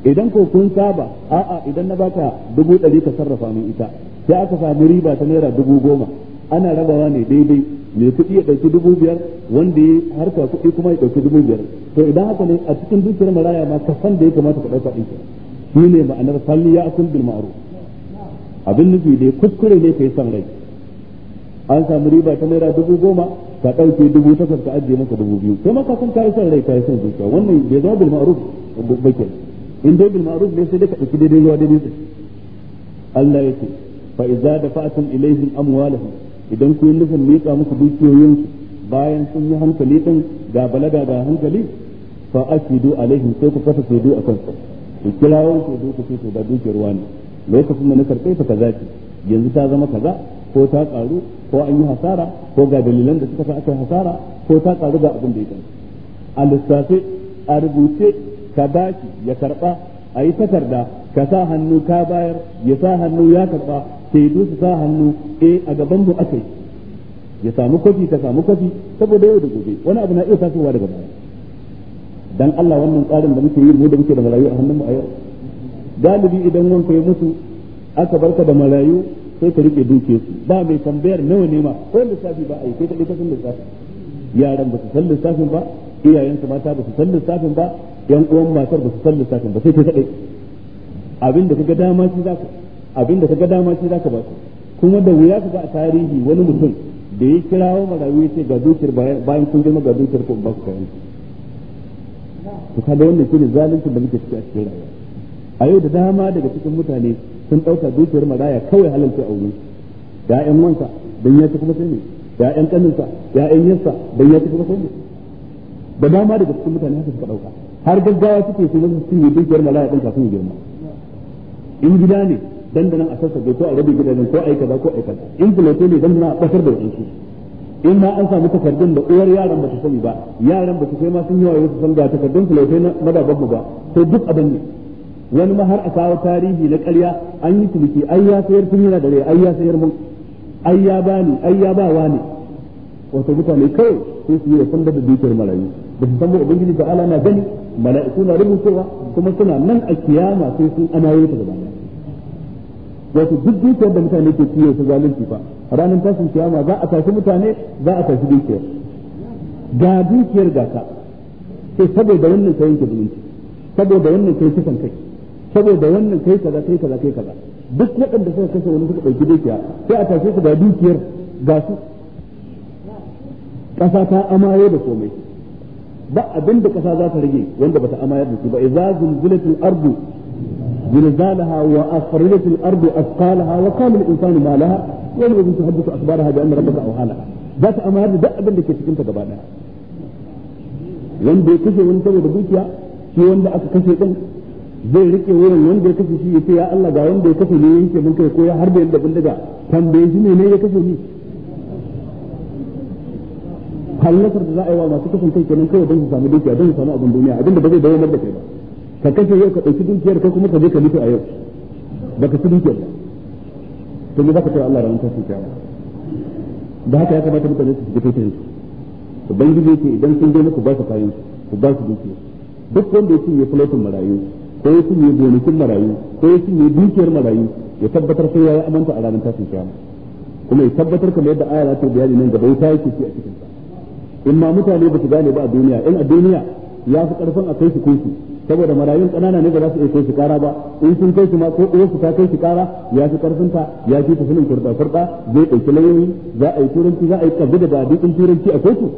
idan ko kun saba a'a idan na baka dubu ɗari ka sarrafa min ita sai aka samu riba ta naira dubu goma ana rabawa ne daidai mai kuɗi ya ɗauki dubu biyar wanda ya harka kuɗi kuma ya ɗauki dubu biyar to idan haka ne a cikin dukiyar maraya ma san da ya kamata ka ɗauka ɗin shi ne ma'anar fal sun bil abin nufi dai kuskure ne ka yi son rai an samu riba ta naira dubu goma ka ɗauke dubu takwas ka ajiye maka dubu biyu kai maka san ka yi son rai ka yi son zuciya wannan bai zama bil ma'ruf bakin in dai bil ma'ruf ne sai dai ka ɗauki daidai zuwa daidai su Allah ya ce fa idza dafa'tum ilaihim amwalahum idan ku yi nufin miƙa muku dukiyoyinsu bayan sun yi hankali din ga balaga ga hankali fa a alaihim sai ku kasa shaidu a kansa ku kirawo shaidu ku ce to ba dukiyar wani lokacin da na karɓe ta kaza ce yanzu ta zama kaza ko ta karu ko an yi hasara ko ga dalilan da suka sa aka hasara ko ta karu ga abin da ya kai a lissafe a rubuce ka baki ya karɓa a yi takarda ka sa hannu ka bayar ya sa hannu ya karba sai su sa hannu eh a gaban mu aka yi ya samu kwafi ka samu kwafi saboda yau da gobe wani abu na iya tasowa daga baya dan Allah wannan tsarin da muke yi mu da muke da marayu a hannun mu a yau galibi idan wanka ya mutu aka barka da marayu sai ka rike duke su ba mai tambayar nawa ne ma ko lissafi ba a yi sai ka ɗauka sun safi yaran ba su san lissafin ba iyayen su mata ba su san lissafin ba yan uwan matar ba su san lissafin ba sai ka kaɗai abin da kaga dama shi zaka abin da kaga dama shi zaka ba su kuma da wuya ka ga a tarihi wani mutum da ya kirawo marayu ya ce ga dukiyar bayan kun girma ga dukiyar ko ba ku kayan su kada wannan shine zalunci da muke ciki a cikin rayuwa a yau da dama daga cikin mutane sun ɗauka dukiyar maraya kawai halalce aure 'yan wansa don ya ci kuma sai ne ya'yan kaninsa ya'yan yansa don ya ci kuma sai ne da dama daga cikin mutane haka suka ɗauka har gaggawa suke su masu cinye dukiyar maraya ɗin kafin girma in gida ne dandanan a sassa ko a rabin gidajen ko aika kaza ko aika kaza in filoto ne dandanan a ɓatar da waɗansu in ma an samu takardun da uwar yaran ba su sani ba yaran ba su kai ma sun yawa su san ga takardun filoto na madabban ba sai duk abin ne wani ma har a kawo tarihi na ƙarya an yi ciniki ai ya sayar tun yana da rai ai ya sayar mun ai ya bani ai ya ba wani wato mutane kawai sai su yi wa sandar da dukiyar marayu da su san ba ubangiji da ala na gani mala'iku na rubutowa kuma suna nan a kiyama sai sun anayo ta gaba wato duk dukiyar da mutane ke ciye su zalunci fa ranar tashin kiyama za a tashi mutane za a tashi dukiyar ga dukiyar gasa sai saboda wannan kayan ke zumunci saboda wannan kai kisan kai saboda wannan kai kaza kai kaza kai kaza duk waɗanda suka kashe wani suka ɗauki dukiya sai a tashe su ga dukiyar ga su ƙasa ta amaye da komai ba abin da ƙasa za ta rage wanda bata amayar da su ba idza zulzilatil ardu ardu ma زلزالها وأخرجت الأرض أثقالها وقال الإنسان ما لها يومئذ تحدث أخبارها بأن ربك أوحى لها ذات da ده أبن لك سكنت gabaɗaya. wanda ya kashe wani saboda dukiya shi wanda aka kashe din zai rike wurin wanda ya kashe shi ya ce ya Allah ga wanda ya kashe ne ya yanke mun kai ko ya harbe yadda bindiga tambaye shi ne ne ya kashe ni halakar da za a yi wa masu kashin kai kenan kawai don su samu dukiya don su samu abin duniya abinda ba zai dawo da kai ba ka kashe yau ka ɗauki dukiyar kai kuma ka je ka mutu a yau ba ka ci dukiyar ba to me za ka tsaye Allah ranar tafi kiyama da haka ya kamata mutane su shiga kai su ubangiji yake idan sun je muku ba su kayan ku ba su dukiya duk wanda ce ya fulotin marayu ko ya cinye gonakin marayu ko ya cinye dukiyar marayu ya tabbatar sai yayi amanta a ranar tashin kiyama kuma ya tabbatar kamar yadda aya ta bayani nan gaba ta yake ci a cikin sa in ma mutane ba su gane ba a duniya in a duniya ya fi karfin a kai su kai su saboda marayun kanana ne ba za su iya kai su kara ba in sun kai su ma ko uwarsu ta kai su kara ya fi karfin ta ya fi tafilin kurda kurda zai ɗauki lauyoyi za a yi turanci za a yi kabbi da ba a turanci a kotu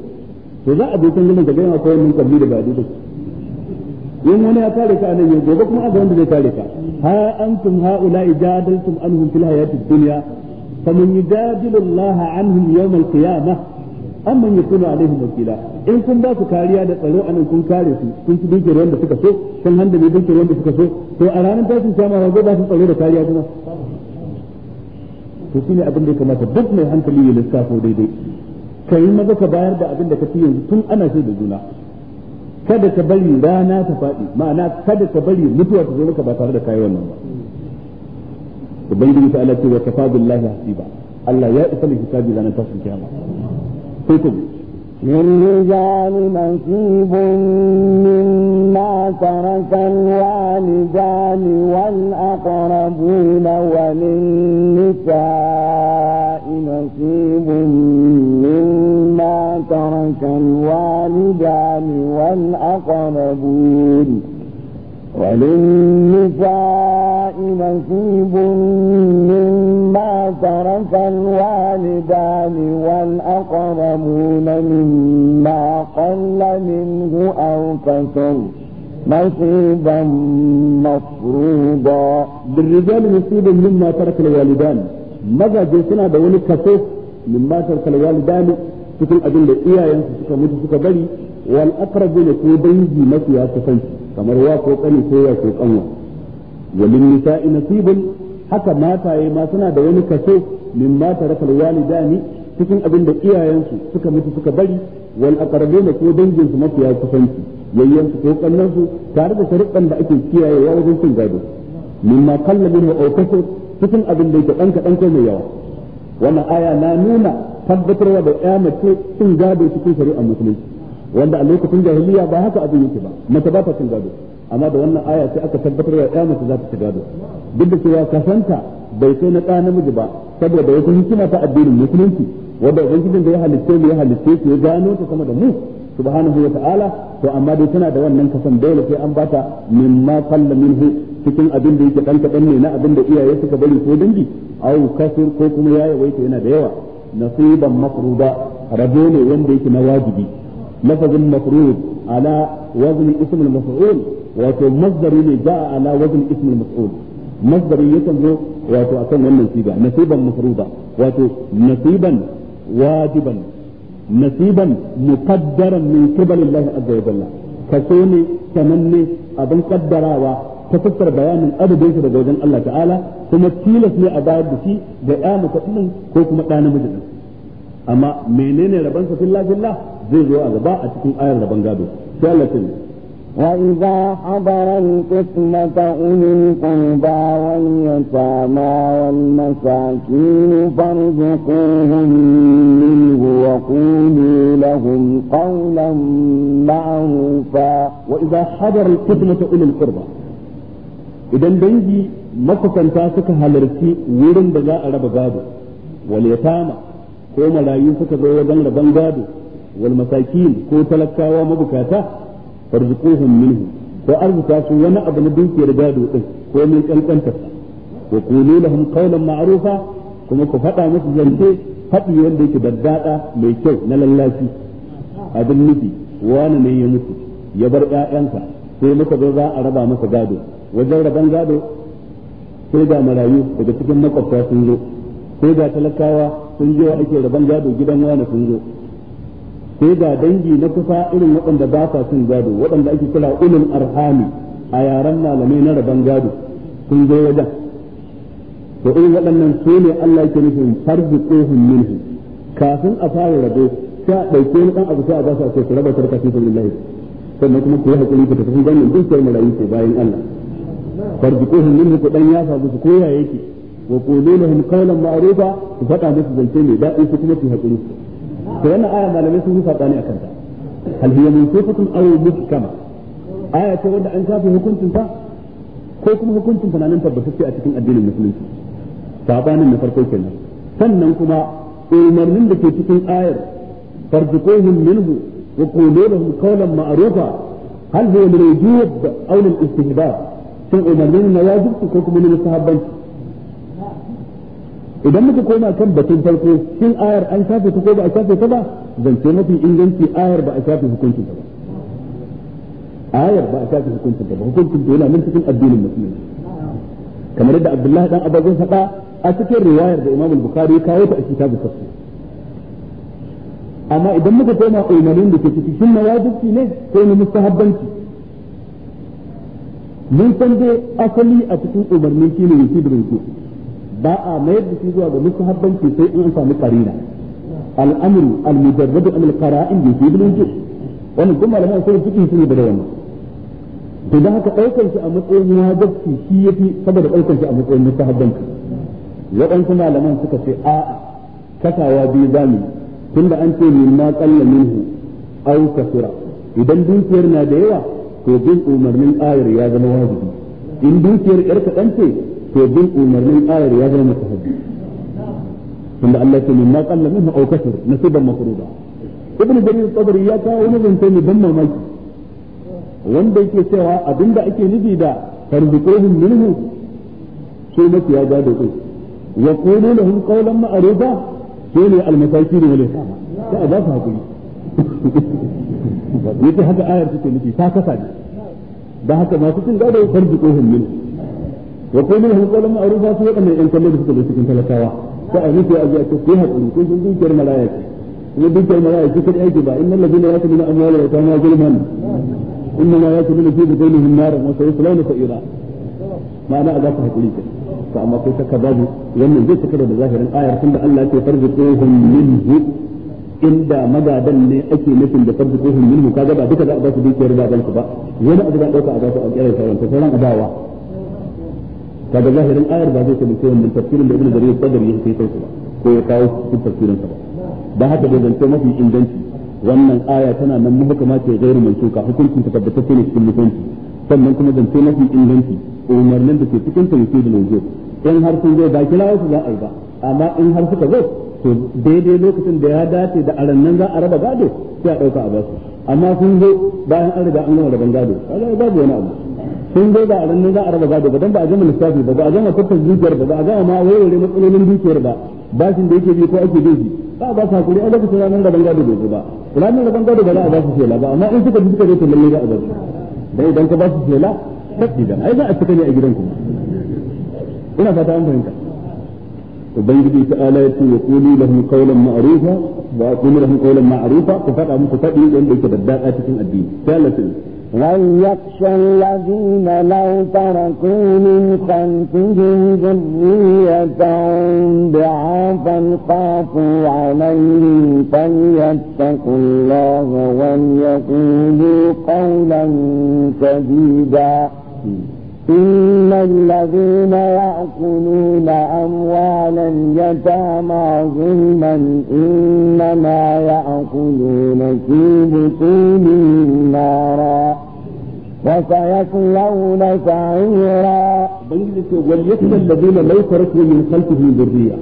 to za a dokan gudun ka gaya ma kawai min kabbi da ba a in wani ya kare ka anan yau gobe kuma aga wanda zai kare ka ha antum haula ijadaltum anhum fil hayatid dunya faman yujadilu Allah anhum yawm al-qiyamah amman yakunu alaihim wakila in kun ba su kariya da tsaro anan kun kare su kun ci dukiyar wanda suka so kun handa ne dukiyar wanda suka so to a ranar tashin kiyama ba ba su tsaro da kariya kuma to shine abin da ya kamata duk mai hankali ya lissafo daidai kai maza ka bayar da abin da ka fi yanzu tun ana shi da juna kada ka bari rana ta faɗi ma'ana kada ka bari mutuwa ta zo maka ba tare da kai wannan ba ubangiji ta Allah ce wa kafa billahi hasiba Allah ya isa da hisabi ranar tashin kiyama sai ku للرجال نصيب مما ترك الوالدان والأقربون ومن لك الوالدان والأقربون وللنساء نصيب مما ترك الوالدان والأقربون مما قل منه أو كثر نصيبا مفروضا بالرجال نصيب مما ترك الوالدان ماذا جلسنا دون كثير مما ترك الوالدان cikin abin da iyayensu suka mutu suka bari wal aqrabuna ko dangi ya kusan kamar wa ko kani ko ya ko kanwa walin nisa'i nasibun haka mataye ma suna da wani kaso min ma tarakal walidani cikin abin da iyayensu suka mutu suka bari wal aqrabuna ko dangin su mafiya kusanci yayyansu ko kannansu tare da sharuɗan da ake kiyayewa wajen cin gado mimma qalla minhu aw kasur cikin abin da yake dan kadan ko mai yawa wannan aya na nuna tabbatarwa da ya mace cin gado cikin a musulunci wanda a lokacin jahiliya ba haka abin yake ba mace ba ta cin gado amma da wannan aya sai aka tabbatar da ya mace za ta ci gado duk da cewa kasanta bai kai na ɗa namiji ba saboda wata hikima ta addinin musulunci wanda ubangijin da ya halitte mu ya halitte ya gano ta sama da mu subhanahu wa ta'ala to amma dai tana da wannan kasan dole sai an bata mimma qalla minhu cikin abin da yake dan kadan ne na abin da iyaye suka bari ko dangi au kasur ko kuma ya yawaita yana da yawa nasiban mafruda rabo ne wanda yake na wajibi lafazin mafrud ala wazn ism al wato masdari ne ala wazn ism al-maf'ul yakan zo wato akan wannan siga nasiban mafruda wato nasiban wajiban nasiban muqaddaran min qibali Allah azza kaso ne abin kaddarawa ta fuskar bayanin adadin su daga wajen Allah ta'ala kuma tilas ne a bayar da shi ga ya mace ko kuma ɗa namiji din amma menene rabansa fillah fillah zai zo a gaba a cikin ayar raban gado sai Allah ta وإذا حضر القسمة أولي القربى واليتامى idan dangi makusanta suka halarci wurin da za a raba gado wal yatama ko marayu suka zo wajen raban gado wal masakin ko talakawa mabukata farzuquhum minhu ko arzuta su wani abu na dukiyar gado din ko mun kankanta wa qulu lahum qawlan ma'rufa kuma ku faɗa musu zance faɗi wanda yake daddada mai kyau na lallafi abin nufi wani ne ya mutu ya bar ƴaƴansa sai muka zo za a raba masa gado wajen rabon gado sai ga marayu daga cikin makwabta sun zo sai ga talakawa sun zo ake rabon gado gidan wani sun zo sai ga dangi na kusa irin waɗanda ba sa sun gado waɗanda ake kira ulul arhami a yaren malamai na rabon gado sun zo wajen to irin waɗannan su ne Allah ke nufin farzi kohun minhu kafin a fara rabo sai a ɗauke ni ɗan abu sai a ba su a ce su raba sarka fi sabilillahi sannan kuma ku yi haƙuri ku tafi ganin dukiyar marayu ko bayan Allah farzuquhum minhu ku dan yafa su koya ya yake wa qulu lahum qawlan ma'rufa su faɗa musu zance mai daɗi su kuma su hakuri to wannan aya malamai sun yi sabani akan ta hal hiya mansufatun aw muhkama aya ce wanda an shafe hukuncin ta ko kuma hukuncin ta nan tabbatacce a cikin addinin musulunci sabanin na farko kenan sannan kuma umarnin da ke cikin ayar farzuquhum minhu wa qulu lahum qawlan ma'rufa hal huwa lil wujub aw lil cikin umarni na wajibi ko kuma na mustahabbanci idan muka koma kan batun farko shin ayar an shafe ta ko ba a shafe ta ba zance mafi inganci ayar ba a shafe hukuncin ta ba ayar ba a shafe hukuncin ta ba hukuncin ta yana nan cikin addinin musulmi kamar yadda Abdullahi dan Abu Zai faɗa a cikin riwayar da Imam Bukhari ya kawo ta a kitabul tafsir amma idan muka koma umarnin da ke cikin na wajibi ne ko na mustahabbanci mun san dai asali a cikin umarnin shi ne yake da rubu ba a mayar da shi zuwa ga musahabbanci sai in an samu karina al'amru al-mujarradu an al-qara'in bi shi rubu wannan kuma malaman sai fiki shi ne da yawa to dan haka daukar shi a matsayin wajibi shi yafi saboda daukar shi a matsayin musahabbanci waɗansu malaman suka ce a'a kasawa biyu zamu tunda an ce min ma qalla minhu aw kasura idan dukiyar na da yawa to bin umarnin ayar ya zama wajibi in dukiyar yar kaɗan ce to bin umarnin ayar ya zama mustahabi tunda Allah ya ce min ma qalla minhu aw kasar nasiban mafruda ibnu jarir tabari ya kawo wani zance ne ban mamaki wanda yake cewa abinda ake nufi da farzuquhum minhu sai mafiya gado ko wa qulu lahum qawlan ma'rufa sai ne al-masakin wal yatama sai a ba su hakuri yace haka ayar take nufi ta kasa ne da haka masu cin gado farzuquhum min wa qulu lahum qawlan su yan kallo da suka zo cikin talakawa ko a nufi a ji a ce ko sun mala'ika ne mala'ika ba innal ladina yakuluna amwala wa ta'amuna zulman innama yakuluna fi wa sayuslawna sa'ira ma'ana a za ka hakuri kenan to amma wannan zai saka da zahirin ayar tunda Allah ya ce farzuquhum minhu inda magadan ne ake nufin da farko ko hin minhu kaga ba duka za a ba su dukiyar gaban ku ba wani abu da dauka a ba su a kiran sauran ta sauran adawa kaga zahirin ayar ba zai tabbata wannan tafsirin da ibnu jarir sadar yake kai sai ba ko ya kawo su tafsirin sa ba dan haka da zance mafi inganci wannan aya tana nan muhukama ce gairu mai suka hukuncin ta tabbatacce ne cikin mutunci sannan kuma zance mafi inganci umarnin da ke cikin yake da yanzu in har sun zo ba kira wasu za a yi ba amma in har suka zo to daidai lokacin da ya dace da aran nan za a raba gado sai a ɗauka a basu amma sun zo bayan an riga an gama raban gado kaga babu wani abu sun zo da aran nan za a raba gado ba dan ba a gama lissafi ba ba a gama tattar zuciyar ba ba a gama ma wayewa matsalolin dukiyar ba bashin da yake bi ko ake bi ba ba sa hakuri a lokacin ranar raban gado bai zo ba ranar raban gado ba za a basu shela ba amma in suka bi suka zo to lallai za a basu dan idan ka basu shela tabbi dan ai za a cika ne a gidan kuma ina fata an fahimta ubangiji ta ala ya ce ya kuli lahum qawlan ma'rufa wa aqulu lahum qawlan ma'rufa ku faɗa muku faɗi wanda yake da daɗa cikin addini sai Allah ya من يخشى الذين لو تركوا من خلفهم ذرية ضعافا خافوا عليهم فليتقوا الله وليقولوا قولا سديدا إن الذين يأكلون أموالا يتامى ظلما إنما يأكلون في بطونهم نارا وسيصلون سعيرا بينك وليخشى الذين لو تركوا من خلفه ذرية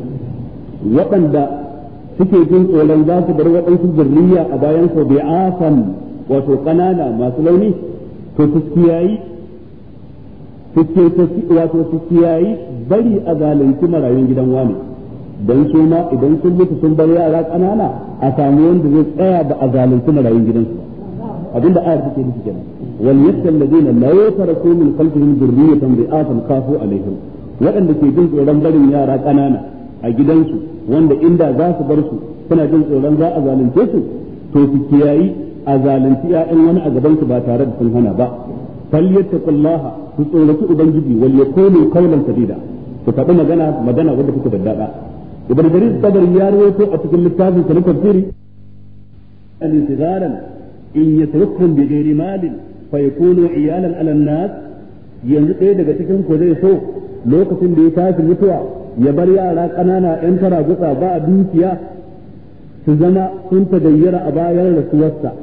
وقد ذا jin جنس za su bar waɗansu zurriya أبا bayan su bi'afan wato ƙanana masu launi wato su kiyayi bari a zalunci marayun gidan wani don su ma idan sun mutu sun bar yara kanana a samu wanda zai tsaya da a zalunci marayun gidansu abinda ayar take nufi kenan wal yakkal ladina la yataraku min khalfihim dhurriyatan bi'atan khafu alaihim waɗanda ke jin tsoron barin yara kanana a gidansu wanda inda za su bar su suna jin tsoron za a zalunce su to su kiyayi a zalunci 'ya'yan wani a gaban su ba tare da sun hana ba fal kullaha. ku tsoraki ubangiji wal yakunu qawlan sadida ku faɗi magana magana wanda kuke daddada ibn jarir tabari ya rawaito a cikin littafin sa na tafsiri an sigaran in yatrukum bi ghairi malin fa yakunu iyalan ala nas yanzu ɗaya daga cikin ku zai so lokacin da ya tashi mutuwa ya bar yara ƙanana yan tara gutsa ba a dukiya su zama sun tagayyara a bayan rasuwarsa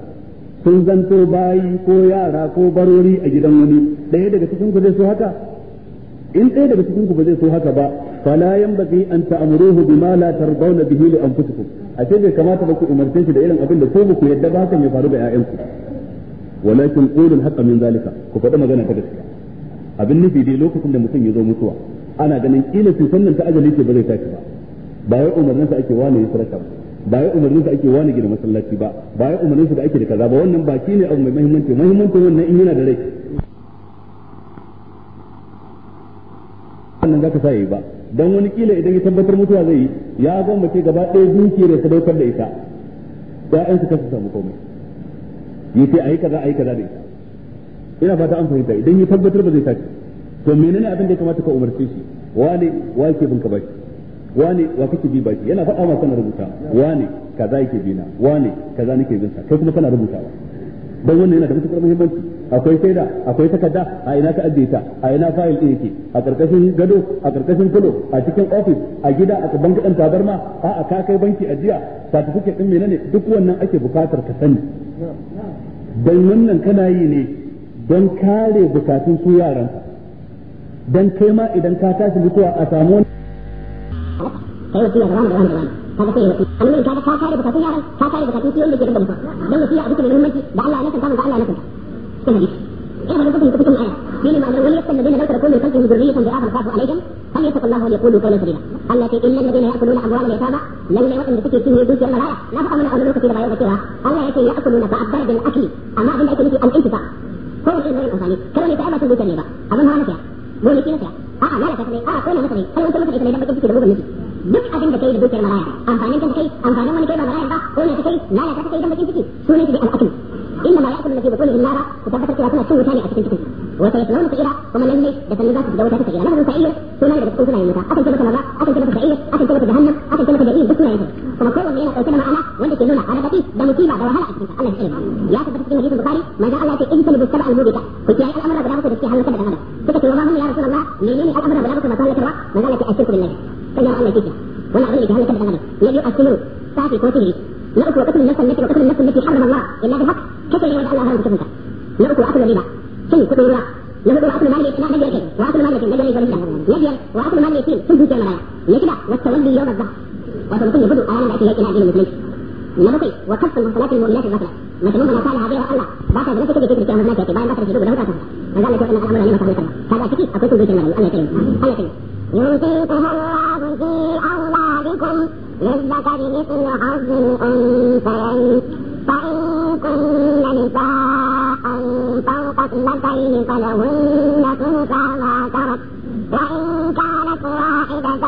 sun zanto bayi ko yara ko barori a gidan wani ɗaya daga cikin ku zai so haka in ɗaya daga cikin ku ba zai so haka ba fala yanbaghi an ta'muruhu bima la tardawna bihi li anfusikum a ce bai kamata ba ku umarce shi da irin abin da ko ba ku yadda ba hakan ya faru da ƴaƴanku walakin qulu al-haqqa min zalika ku faɗa magana ta gaskiya abin nufi dai lokacin da mutum ya zo mutuwa ana ganin kila cutar nan ta ajali ce ba zai tashi ba ba wai umarnin sa ake wani ya sarka ba ba ya umarnin sa ake wani gina masallaci ba ba ya umarnin da ake da kaza ba wannan ba ne abu mai mahimmanci mahimmanci wannan in yana da rai wannan zaka sa yi ba dan wani kila idan ya tabbatar mutuwa zai yi ya ga mace gaba ɗaya dukiyar ta daukar da ita ya su kasu samu komai yace ayi kaza ayi kaza da ita ina fata an fahimta idan ya tabbatar ba zai sace to menene abin da ya kamata ka umarce shi wani wake bin ka bashi wane wa kake bi baki yana faɗa ma kana rubuta wane kaza yake bi na wane kaza nake bin sa kai kuma kana rubutawa dan wannan yana da matukar muhimmanci akwai saida akwai takarda a ina ka ajiye ta a ina fayil din yake a karkashin gado a karkashin kulo a cikin office a gida a gaban gadan tabarma a a ka kai banki ajiya certificate din menene duk wannan ake bukatar ka sani dan wannan kana yi ne don kare bukatun su yaran dan kai ma idan ka tashi mutuwa a samu sai su yarda da wannan kaga sai yake annabi kaga ka kare bukatun yaran ka kare bukatun kiyon da ke da mutum dan mutum ya abin da muhimmanci da Allah ya nasanta da Allah ya nasanta kuma hadisi eh wannan kuma kuma aya yana ma wani yasan da dinka da kullu kan kullu zurriya kan da aka fasu alaihim kan yasa Allah ya kullu kana sabila Allah ya illa alladhina ya'kuluna amwala al-yatama lalle wadanda suke cin dukiyar maraya na faɗa mana a lokaci da bayan cewa Allah ya ce ya'kuluna ba'da bil akli amma abin da ake nufi al ko wani irin amfani kawai ne ta aiwatar da ne ba abin hawa na fiya gonaki a'a wala ta ne a'a ko ne mutane kai wani mutane ne dan bakin ciki da bugun miki duk abin da kai da dukiyar maraya amfanin kan amfani amfanin wani kai ba maraya ba ko ne kai lalata kai dan bakin ciki sunan shi da inna ma ya'kulu alladhina fi butunihim nara ku tabbatar cewa suna cin wuta ne a cikin cikin wa sayaslawna sa'ira kuma lalle da sanin za su shiga wuta ta sa'ira lafazin a suna daga cikin sunayen wuta akan ce mata maza akan ce mata sa'ir akan ce mata jahannam akan ce mata da'ir duk sunayen kuma kowanne yana dauke ma'ana wanda ke nuna aradati da musiba da wahala a cikin Allah ya ya tabbata cikin hadisin bukhari manzo Allah ya ce in talbu sab'a al-mubita ku kiyaye al'amuran da kuke da shi halaka da halaka suka ce wa ma hum ya rasulullah menene al'amuran da kuke masalaka wa manzo Allah ya ce billahi sai Allah ولعل جهنم تبدا لنا يؤكلون ساعة قوته نأكل وقتل الناس التي وقتل النفس التي حرم الله إلا بالحق كيف يجعل الله هذا كفنك نأكل وقتل الربا شيء كتب الربا نأكل وأكل مال الإسلام نجري وأكل مال اليتيم نجري ولله نجري وأكل مال اليتيم في البيت والملايا نجري والتولي يوم الظهر وتنقل بدء أيام الأكل إلى دين المسلمين نبقي وكف المحصنات المؤمنات الغفلة مجنون ما قال هذه الله بعد ذلك تجد تلك المهمات يتبعون بطر الجنوب له كافر وذلك أن الأمر هذا أكيد أقول بيت يوصيكم الله في أولادكم للذكر مثل حظ الأنثيين فإن كن نساء فوق اثنتين فلهن ثلث ما ترك وإن كانت واحدة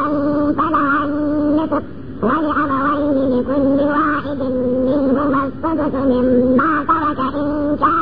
فلها النصف ولأبويه لكل واحد منهما السدس مما ترك إن كان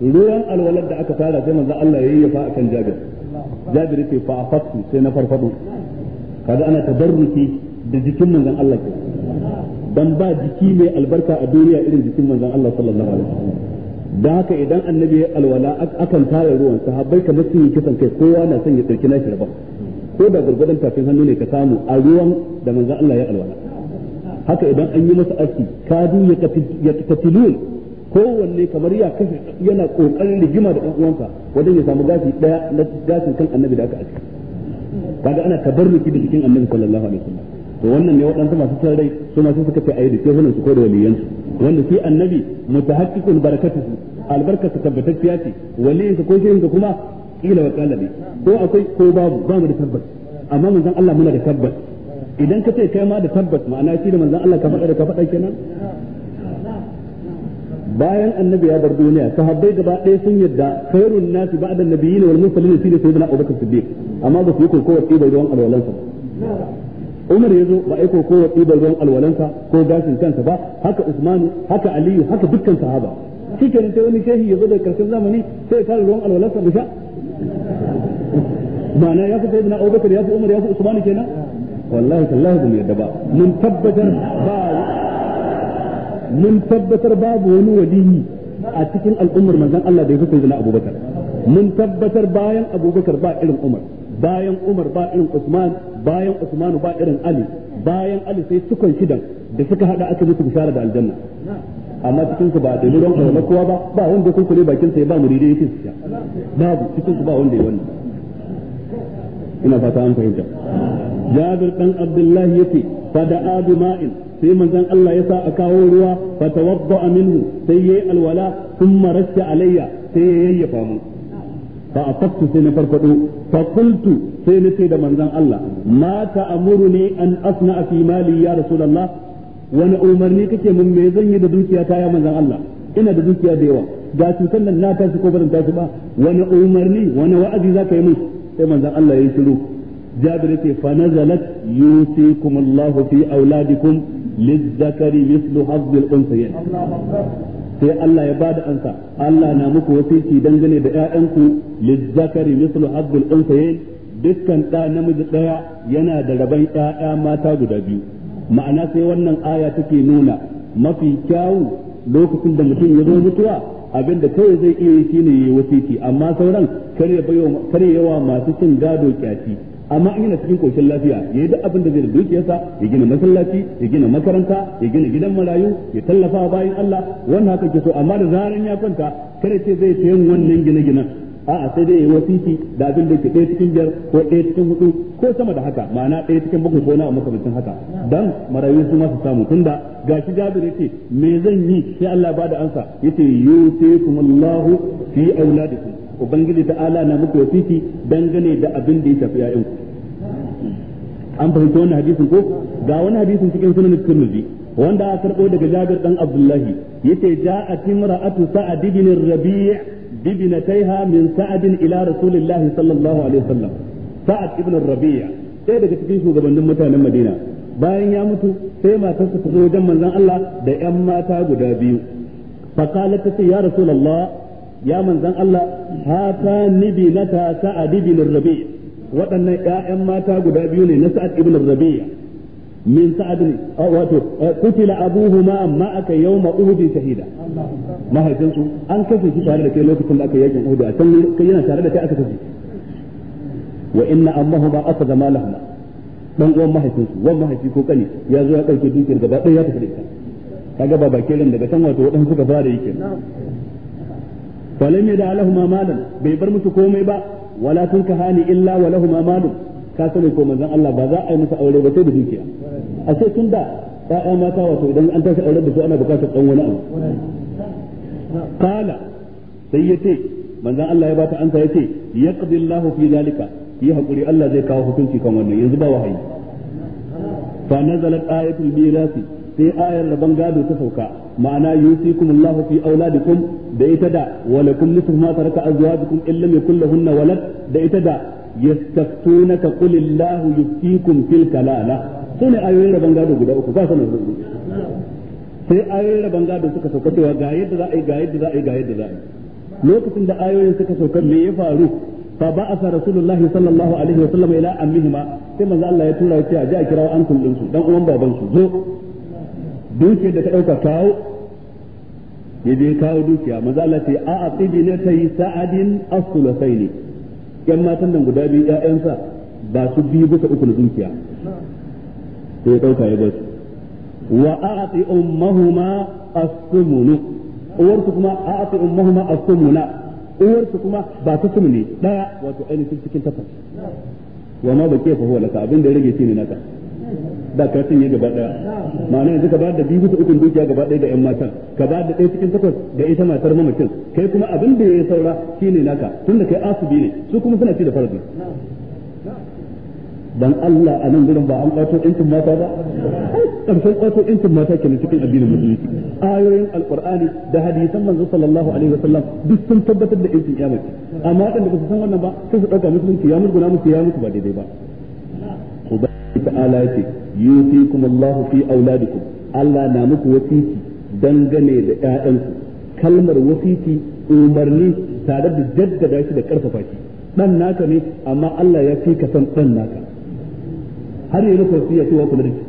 ruwan alwalar da aka fara sai manzo Allah ya yayyafa akan Jabir Jabir yake fa afatu sai na farfado kaga ana tabarruki da jikin manzon Allah ke dan ba jiki mai albarka a duniya irin jikin manzon Allah sallallahu alaihi wasallam da haka idan annabi ya alwala akan tare ruwan sahabbai kamar sun yi kisan kai kowa na son ya tsirki nashi rabon ko da gurgurdan tafin hannu ne ka samu a ruwan da manzon Allah ya alwala haka idan an yi masa aski kadu ya katilun kowanne kamar ya kashe yana kokarin rigima da ɗan uwansa wajen ya samu gashi daya na gashin kan annabi da aka aske kaga ana tabarruki da jikin annabi sallallahu alaihi wasallam to wannan ne waɗansu masu son rai su masu suka ce ayi da shehunan su ko da waliyansu wanda shi annabi mutahaqqiqul barakatuhu albarka ta tabbatacciya ce waliyansa ko shehunan kuma kila wa kala ne ko akwai ko babu ba mu da tabbas amma manzon Allah muna da tabbas idan ka ce kai ma da tabbas ma'ana shi da manzon Allah ka faɗa da ka faɗa kenan bayan annabi ya bar duniya sahabbai gaba ɗaya sun yadda khairun nasi ba'da nabiyyin wal mursalin shine sayyidina Abubakar Siddiq amma ba su yi kokowar ɗibar ruwan alwalansa Umar yazo ba ai yi kokowar ɗibar ruwan alwalansa ko gashin kansa ba haka usman haka ali haka dukkan sahaba cikin kenan sai wani shehi yazo da karshen zamani sai ya ruwan alwalansa bisha ma'ana ya fi sayyidina Abubakar ya fi Umar ya fi usman kenan wallahi tallahi ba mu yadda ba mun tabbatar ba mun tabbatar babu wani waliyi a cikin al'ummar manzon Allah da yake sayyidina Abubakar mun tabbatar bayan Abubakar ba irin Umar bayan Umar ba irin Usman bayan Usman ba irin Ali bayan Ali sai cikon shidan da suka hada aka mutu bishara da aljanna amma cikin su ba da ruwan kawo na kowa ba ba wanda kun kule bakin sa ya ba muridai yake su babu cikin su ba wanda ya wannan ina fata an fahimta Jabir dan Abdullahi yace fada'a bi ma'in sai manzon Allah ya sa a kawo ruwa fa tawadda minhu sai yayi alwala thumma rasta alayya sai ya yayyafa mu fa afaqtu sai na farfado fa qultu sai na ce da manzon Allah ma ta'muruni an asna fi mali ya rasulullah wani umarni kake mun me zan yi da dukiya ta ya manzon Allah ina da dukiya da yawa ga cutar nan na tashi ko barin tashi ba wani umarni wani wa'azi zaka yi mun sai manzon Allah ya yi shiru جابر yace فنزلت يوصيكم الله في fi للذكر مثل حظ hazzil sai Allah ya bada ansa Allah na muku wasiki dangane da ƴaƴanku lizzakari mislu hazzil unsayayn dukkan da namiji ɗaya yana da rabon ƴaƴa mata guda biyu ma'ana sai wannan aya take nuna mafi kyawu lokacin da mutum ya zo mutuwa abinda da kawai zai iya yi shine yayi wasiki amma sauran bayo kare yawa masu cin gado kyaci amma in yana cikin koshin lafiya ya yi duk abin da zai da dukiyarsa ya gina masallaci ya gina makaranta ya gina gidan marayu ya tallafa bayan Allah wannan haka ke so amma da zaran ya kwanta kada ce zai yin wannan gine-ginen a'a sai dai ya yi wasiki da abin da ke ɗaya cikin biyar ko ɗaya cikin hudu ko sama da haka ma'ana ɗaya cikin bakwai ko nawa makamancin haka dan marayu su masu samu tunda gashi Jabir ce me zan yi sai Allah ba da ansa yace yusikumullahu fi auladikum ubangiji ta'ala na muku wasiti dangane da abin da ya shafi yayan ku an fahimta wannan hadisin ko ga wani hadisin cikin sunan Tirmidhi wanda aka karbo daga Jabir dan Abdullahi yace ja'at imra'atu Sa'ad ibn Rabi' bibnataiha min Sa'ad ila Rasulillah sallallahu alaihi wasallam Sa'ad ibn Rabi' sai daga cikin shugabannin mutanen Madina bayan ya mutu sai matarsa ta zo wajen manzon Allah da ƴan mata guda biyu faqalat ta ya Rasulullah ya manzan Allah hata nibi na ta sa'ad ibn rabi waɗannan ƴaƴan mata guda biyu ne na sa'ad ibn rabi min sa'ad ne wato kutila abuhuma amma aka yawma uhud shahida mahaifinsu an kashe shi tare da kai lokacin da aka yakin uhud a can kai yana tare da kai aka kashe wa dan uwan mahaifinsu wan mahaifi ko kani ya zo ya dauke dukiyar gaba ɗaya ya tafi da ita kaga ba daga can wato waɗansu suka fara yake falam da lahum malan bai bar musu komai ba wala hani illa wa lahum malun ka sani ko manzon Allah ba za a yi musu aure ba sai da dukiya a sai tun da ƴaƴa mata wato idan an tashi aure da su ana bukatar dan wani abu qala sai yace manzon Allah ya bata ansa yace yaqdi Allahu fi zalika yi hakuri Allah zai kawo hukunci kan wannan yanzu ba wahayi fa nazalat ayatul mirasi sai ayar rabban gado ta sauka ma'ana yusikum Allahu fi auladikum da ita da walakum nisfu ma taraka azwajukum walad da ita da yastaftunaka qul Allahu yuftikum fil kalala ayoyin rabon gado guda uku ba sanin sai ayoyin rabon gado suka sauka cewa ga yadda za a yi ga yadda za a yi ga yadda za a yi lokacin da ayoyin suka sauka me ya faru fa ba'asa rasulullahi sallallahu alaihi wa sallam ila ammihima sai manzo Allah ya tura ya ce a ji a kirawo antum din su dan uwan baban su zo dukiyar da ta dauka kawo ya je kawo dukiya maza Allah ce a aqibi ne yi sa'adin as ne yan matan nan guda biyu ƴaƴansa ba su biyu bisa uku na dukiya sai ya dauka ya basu wa a'ti ummahuma as-sumunu uwarsu kuma a'ti ummahuma as-sumuna uwarsu kuma ba ta sumu ne daya wato ainihin cikin tafas wa ma ba fa huwa laka abin da ya rage shi ne naka da ka yi gaba daya ma'ana yanzu ka ba da biyu bisa ukun dukiya gaba ɗaya ga yan matan ka ba da ɗaya cikin takwas da ita matar mamacin kai kuma abin da ya saura shi ne naka tunda kai asubi ne su kuma suna ci da farbi dan Allah a nan gurin ba an kwato incin mata ba ƙarshen kwato incin mata na cikin addinin musulunci ayoyin alqur'ani da hadisan manzo sallallahu alaihi sallam duk sun tabbatar da incin kiyama amma waɗanda da ba su san wannan ba sai su ɗauka musulunci ya murguna musu ya mutu ba daidai ba ala yake kuma Allahu fi auladikum Allah na muku wasiti dangane da ƴaƴanku kalmar wasiti umarni tare da jaddada shi da karfafa shi dan naka ne amma Allah ya fi ka san dan naka har yanzu wasiya cewa kula da shi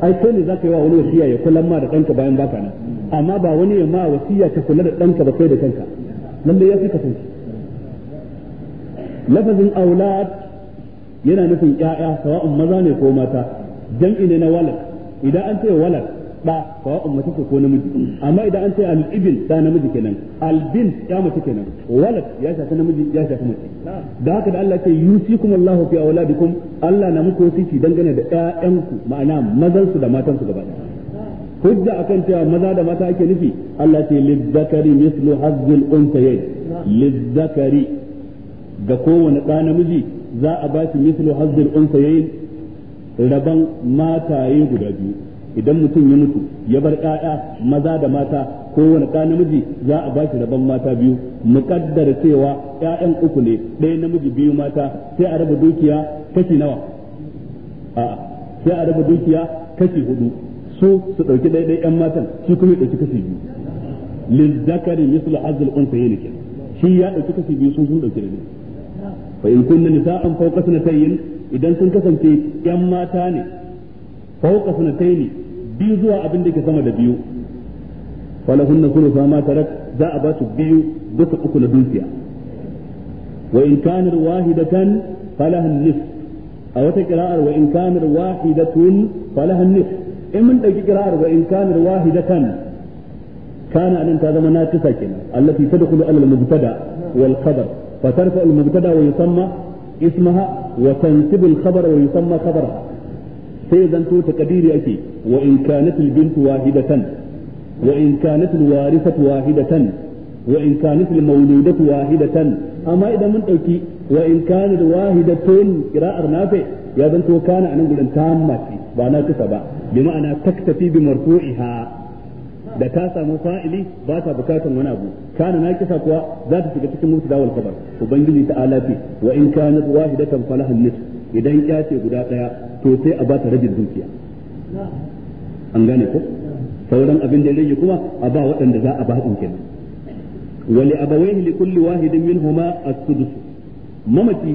ai kai ne zaka yi wa wani wasiya ya kula ma da danka bayan baka nan amma ba wani ya ma wasiya ka kula da danka ba kai da kanka lalle ya fi ka san lafazin aulad yana nufin ƴaƴa sawa'un maza ne ko mata jam'i ne na walad idan an ce walad da sawa'un mace ce ko namiji amma idan an ce al-ibn da namiji kenan al-bin ya mace kenan walad ya shafi namiji ya shafi mace da haka da Allah ya ce yusikum Allahu fi auladikum Allah na muku wasiki dangane da ƴaƴanku ma'ana mazan su da matansu gaba ɗaya hujja akan cewa maza da mata ake nufi Allah ce lizzakari mislu hazzul unsayayn lizzakari ga kowane ɗa namiji za a ba shi mislu hazzul unsayayn raban mataye guda biyu idan mutum ya mutu ya bar ƴaƴa maza da mata wani ɗa namiji za a ba shi raban mata biyu muƙaddara cewa ƴaƴan uku ne ɗaya namiji biyu mata sai a raba dukiya kashi nawa a sai a raba dukiya kashi hudu su su ɗauki ɗaya ƴan matan shi kuma ya ɗauki kashi biyu zakari mislu hazil unsayayn kenan shi ya ɗauki kashi biyu sun sun ɗauki fa in kunna nisa'an fawqa idan sun kasance yan mata ne fawqa sanatayn biyu zuwa abin da ke sama da biyu falahunna ma tarak za a ba su biyu bisa uku na dukiya wa in kana wahidatan falaha nisf a wata qira'ar wa in kana wahidatun falaha nisf in mun dauki qira'ar wa in kana wahidatan kana anan ta zama nakisa kenan allati tadkhulu ala al-mubtada wal qadar فترفع المبتدا ويسمى اسمها وتنسب الخبر ويسمى خبرها sai zan to ta kadiri ake wa in kanat al bint wahidatan wa in kanat al warisat wahidatan wa in kanat al amma idan mun ɗauki wa in kanat wahidatun qira'ar nafi ya zan to kana anan gudan tamma ba na kusa ba bi ma'ana taktafi bi marfu'iha da ta samu fa'ili ba ta bukatan wani abu kana na kisa kuwa za ta shiga cikin mutu dawal kabar ubangiji ta alafi wa in kana wahidatan falaha nit idan ya ce guda daya to sai a ba ta rabin dukiya an gane ko sauran abin da ya rage kuma a ba waɗanda za a ba hakan kenan wali abawaihi li kulli wahidin minhuma as-sudus mamaci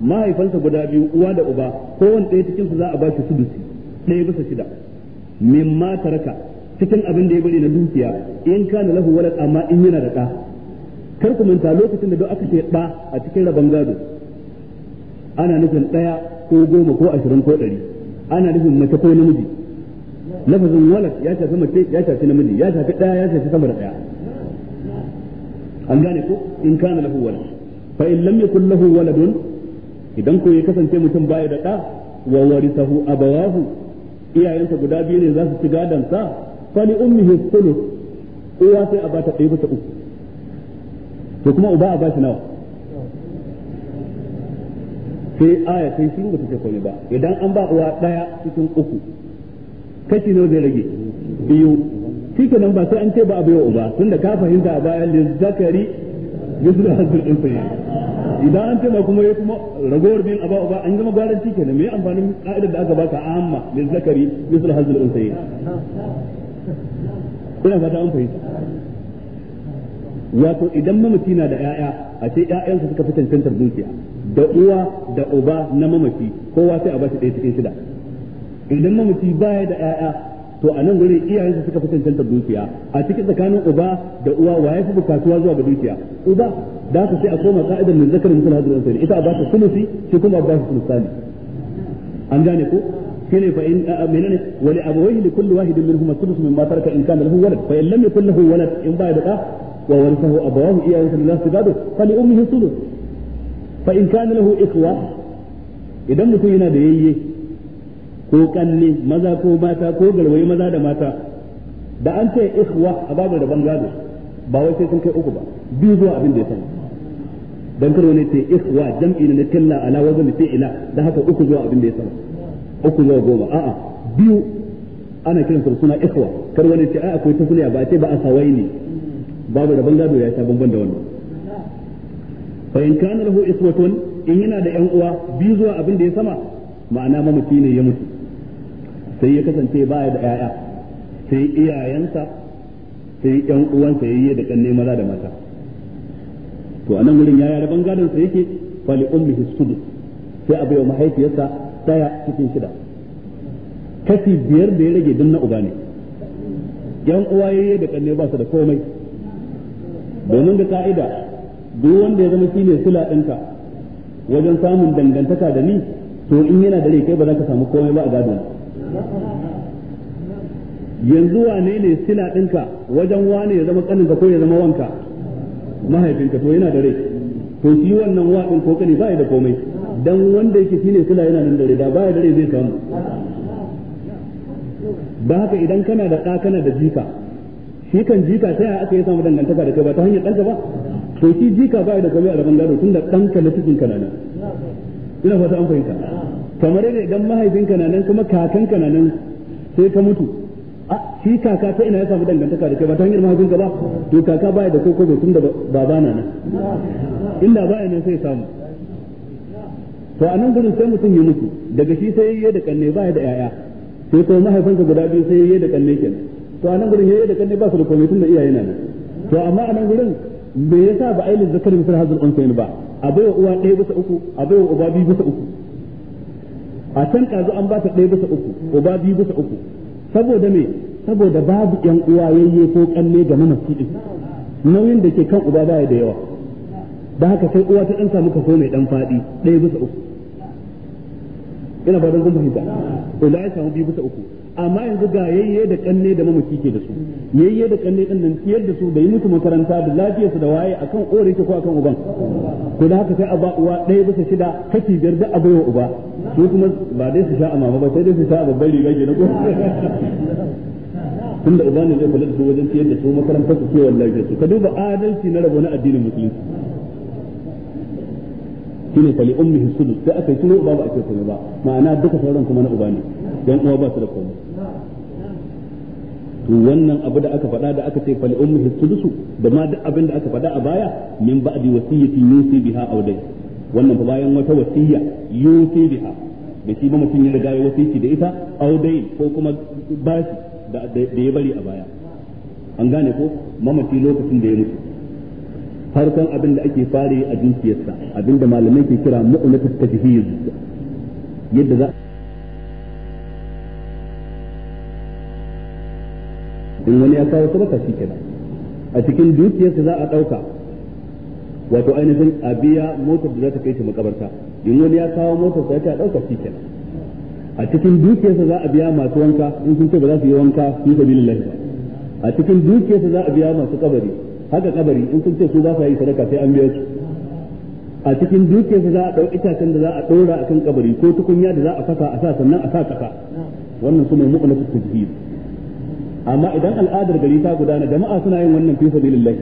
mahaifansa guda biyu uwa da uba kowanne ɗaya cikin su za a ba shi sudusi ɗaya bisa shida mimma taraka cikin abin da ya bari na dukiya in kana lahu walad amma in yana da ɗa kar ku manta lokacin da duk aka ce ɗa a cikin rabon gado ana nufin ɗaya ko goma ko ashirin ko ɗari ana nufin mace ko namiji lafazin walad ya shafi mace ya shafi namiji ya shafi ɗaya ya shafi sama da ɗaya an gane ko in kana lahu walad fa in lam yakul lahu waladun idan ko ya kasance mutum baya da ɗa wa warisahu abawahu iyayensa guda biyu ne za su ci gadon sa fali ummihi sulu uwa sai a bata ɗaya bisa uku to kuma uba a bashi nawa sai aya sai shi ba ta ce komai ba idan an ba uwa ɗaya cikin uku kashi nawa zai rage biyu shi kenan ba sai an ce ba a baiwa uba tunda ka fahimta a baya da zakari yusuf hasil din sai idan an ce ma kuma ya kuma ragowar biyun aba uba an zama garanti kenan me amfanin ka'idar da aka baka amma min zakari yusuf hasil din sai ina fata an fahimta wato idan mamaci na da 'ya'ya a ce 'ya'yansa suka fi cancantar dukiya da uwa da uba na mamaci kowa sai a bashi ɗaya cikin shida idan mamaci baya da 'ya'ya to a nan gurin iyayensa suka fi cancantar dukiya a cikin tsakanin uba da uwa wa ya fi bukatuwa zuwa ga dukiya uba da haka sai a koma ka'idar min zakarin mutum hadirin ita a ba ta sulusi shi kuma a ba shi sulusani an gane ko shine fa in a menene wali abawayhi li kulli wahidin minhum as-sudus mimma taraka in kana lahu walad fa in lam yakul lahu walad in ba da wa warithahu abawahu iyayensa da za su gado fa li ummihi sudus fa in kana lahu ikhwa idan mutum yana da yayye ko kanne maza ko mata ko garwaye maza da mata da an ce ikhwa a babu da bangado ba wai sai sun kai uku ba biyu zuwa abin da ya sani dan karo ne ce ikhwa jam'i ne na kalla ala wazn fi'ila da haka uku zuwa abin da ya sani uku zuwa goma a'a biyu ana kiran su suna ikhwa kar wani ce a akwai a ba ce ba a sawai ne babu da bangado ya ta banban da wannan fa in kana lahu iswatun in yana da yan uwa biyu zuwa abin da ya sama ma'ana mamaci ne ya mutu sai ya kasance baya da yaya sai iyayensa sai yan uwansa yayye da kanne maza da mata to anan gurin yaya da bangadon sa yake fali li ummihi sudu sai abu wa mahaifiyarsa daya cikin shida kashi biyar da ya rage don na uba ne yan uwa ya yi da kanne ba su da komai domin da ka'ida duk wanda ya zama shi ne sula ɗinka wajen samun dangantaka da ni to in yana da rai kai ba za ka samu komai ba a gado yanzu wane ne sila ɗinka wajen wane ya zama kaninka ko ya zama wanka mahaifinka to yana da rai to shi wannan waɗin ko kani ba da komai dan wanda yake shine kula yana nan dare da baya dare zai samu ba haka idan kana da ɗa kana da jika shi kan jika ta aka yi samu dangantaka da kai ba ta hanyar ɗanka ba to shi jika ba da kamar rabon gado tun da ɗanka na cikin kana nan ina fata an fahimta kamar yadda idan mahaifinka na nan kuma kakanka na nan sai ka mutu a shi kaka ta ina ya samu dangantaka da kai ba ta hanyar mahaifinka ba to kaka baya da kai ko bai tun da baba na nan inda baya nan sai samu to a nan gurin sai mutum ya mutu daga shi sai yayye da kanne ba ya da yaya sai kuma mahaifansa guda biyu sai yayye da kanne kenan to a nan gurin yayye da kanne ba su da komai tun da iyaye na to amma a nan gurin me yasa ba ailin zakar misal hazul unsayn ba a baiwa uwa ɗaya bisa uku a baiwa uba biyu bisa uku a can kazu an ba ta ɗaya bisa uku uba biyu bisa uku saboda me saboda babu yan uwa yayye ko kanne ga mana din nauyin da ke kan uba baya da yawa da haka sai uwa ta dan samu kaso mai dan faɗi ɗaya bisa uku ina fatan kun fahimta to la ya samu biyu bisa uku amma yanzu ga yayye da kanne da mamaki ke da su yayye da kanne din nan ciyar da su da yi mutu makaranta da lafiyar su da waye akan ore ko akan uban to da haka sai a ba uwa ɗaya bisa shida kashi biyar da a baiwa uba su kuma ba dai su sha a mama ba sai dai su sha a babbar riga ke na ko tunda uba ne zai kula da su wajen ciyar da su makarantar su kiwon lafiyar su ka duba adalci na rabo na addinin musulunci shine fali ummihi sudu da aka yi uba ba a ce komai ba ma'ana duka sauran kuma na uba ne dan uwa ba su da komai to wannan abu da aka faɗa da aka ce fali ummihi sudu da ma duk abin da aka faɗa a baya min ba'di wasiyati yusi biha aw dai wannan fa bayan wata wasiyya yusi biha da shi ba mutun ya riga ya wasiyyaci da ita aw dai ko kuma bashi da ya bari a baya an gane ko mamaci lokacin da ya mutu farkon abin da ake fare a dukiyarsa abinda malamai ke kira mu'unatu tajhiz yadda za in wani ya kawo sadaka shi kenan a cikin dukiyarsa za a ɗauka wato ainihin a biya motar da za ta kai shi makabarta in wani ya kawo motar sai ta dauka shi kenan a cikin dukiyarsa za a biya masu wanka in sun ce ba za su yi wanka fi sabilillah ba a cikin dukiyarsa za a biya masu kabari haka kabari in sun ce su za su yi sadaka sai an biya su a cikin dukiyar za a ɗau itacen da za a ɗora a kan kabari ko tukunya da za a fasa a sa sannan a sa ƙasa wannan su mai mu'unatu tajhid amma idan al'adar gari ta gudana jama'a suna yin wannan fi sabilillah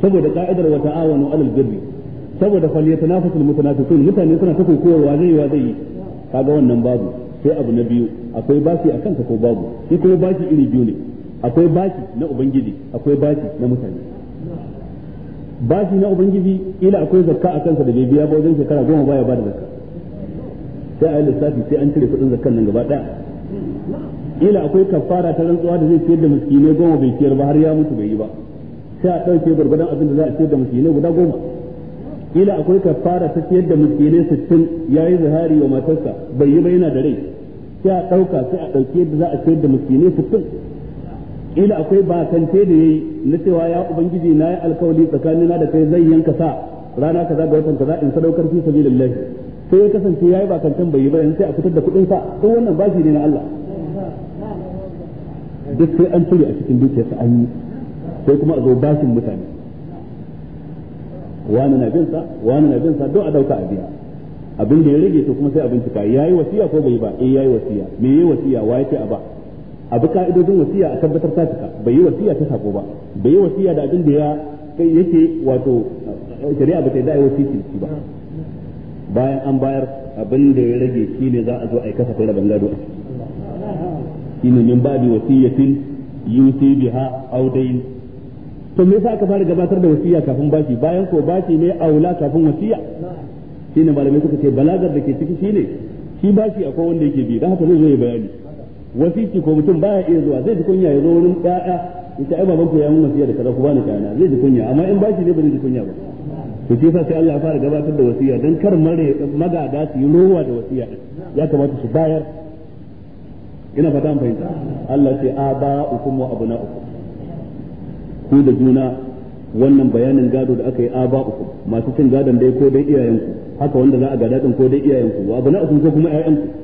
saboda ka'idar wa ta'awanu alal birri saboda falyatanafasul mutanafisun mutane suna ta kokowa zai wa zai kaga wannan babu sai abu na biyu akwai baki akan ta ko babu shi kuma baki iri biyu ne akwai baki na ubangiji akwai baki na mutane bashi na ubangiji ila akwai zakka a kansa da bai biya ba wajen shekara goma baya ba da zakka sai a yi lissafi sai an cire kuɗin zakkan nan gaba ɗaya ila akwai kafara ta rantsuwa da zai ciyar da miskinai goma bai ciyar ba har ya mutu bai yi ba sai a ɗauke gwargwadon abin da za a ciyar da miskinai guda goma ila akwai kafara ta ciyar da miskinai sittin ya yi zahari wa matarsa bai yi ba yana da rai sai a ɗauka sai a ɗauke yadda za a ciyar da miskinai sittin ila akwai bakance da yayi na cewa ya ubangiji na yi alkawali tsakanina da kai zai yanka sa rana kaza ga watan kaza in sadaukar fi sabilillah sai ya kasance yayi bakantan bai yi ba sai a fitar da kudin sa to wannan bashi ne na Allah duk sai an cire a cikin sa an yi sai kuma a zo bashin mutane wani na bin sa wani na bin sa don a dauka a biya abin da ya rage to kuma sai a bincika yayi wasiya ko bai ba eh yayi wasiya me yayi wasiya wa yake a ba a bi ka'idojin wasiya a tabbatar ta cika bai yi wasiya ta sako ba bai yi wasiya da abin da ya kai yake wato eh, shari'a ba ta da wasiki ba bayan an bayar abin da ya rage shi ne za a zo a yi da bangado shi ne min ba'di wasiyatin yusi biha aw dayn to me yasa aka fara gabatar da wasiya kafin bashi bayan ko bashi ne aula kafin wasiya shine malamai suka ce balagar da ke ciki shine shi bashi akwai wanda yake bi dan haka zai zo ya bayani wasiki ko mutum baya iya zuwa zai ji kunya ya zo wurin ƴaƴa ita ai baban ku ya mun wasiya da kaza ku bani kayana zai ji kunya amma in baki ne ba zai ji kunya ba to shi yasa sai Allah ya fara gabatar da wasiya dan kar mare magada su yi rowa da wasiya ya kamata su bayar ina fata mun fahimta Allah ce ukum wa abna'ukum ku da juna wannan bayanin gado da aka yi a ukum masu cin gadon dai ko dai iyayenku haka wanda za a gada din ko dai iyayenku wa abna'ukum ko kuma ƴaƴanku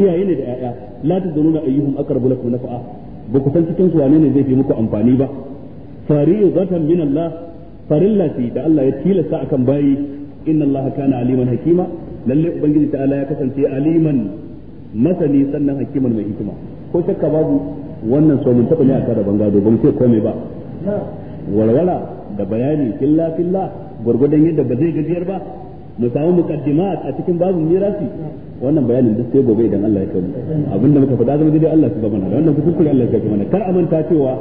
iyaye ne da ƴaƴa la tadununa ayyuhum aqrabu lakum nafa'a ba ku san cikin su wane ne zai fi muku amfani ba fariidatan min Allah farillati da Allah ya tilasta akan bayi inna Allah kana aliman hakima lalle ubangiji allah ya kasance aliman masani sannan hakiman mai hikima ko shakka babu wannan so mun taba ne aka da bangado ban sai komai ba walwala da bayani filla filla gurgudan yadda ba zai gajiyar ba mu samu mukaddima a cikin babu mirasi wannan bayanin da sai gobe idan Allah ya kai mu abinda muka faɗa zama dai Allah ya mana wannan kuskure Allah ya kai mana kar a manta cewa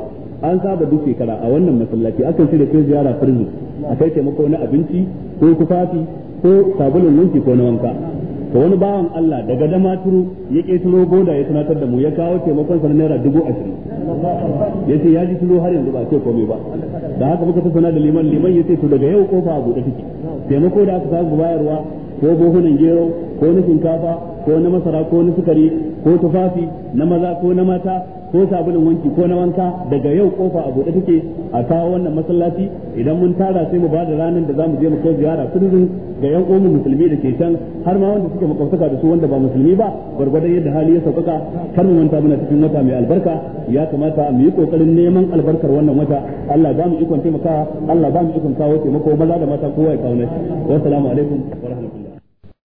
an saba duk shekara a wannan masallaci akan da kai ziyara prison a kai taimako na abinci ko tufafi ko sabulun wanki ko na wanka to wani bawan Allah daga damaturu ya ke turo boda ya tunatar da mu ya kawo taimakon sa naira dubu ashirin ya ce ya ji turo har yanzu ba ce komai ba da haka muka sana da liman liman ya ce to daga yau kofa a buɗe take taimako da aka samu bayarwa ko buhunan gero ko na shinkafa ko na masara ko na sukari ko tufafi na maza ko na mata ko sabulun wanki ko na wanka daga yau kofa a bude take a kawo wannan masallaci idan mun tara sai mu ba da ranar da zamu je mu kai ziyara kullum ga yan uwan musulmi da ke can har ma wanda suke makwabtaka da su wanda ba musulmi ba gwargwadon yadda hali ya sauƙaƙa kar mu manta muna cikin wata mai albarka ya kamata mu yi kokarin neman albarkar wannan wata Allah ba mu ikon taimakawa Allah ba mu ikon kawo taimako maza da mata kowa ya kawo nashi wassalamu alaikum wa rahmatullahi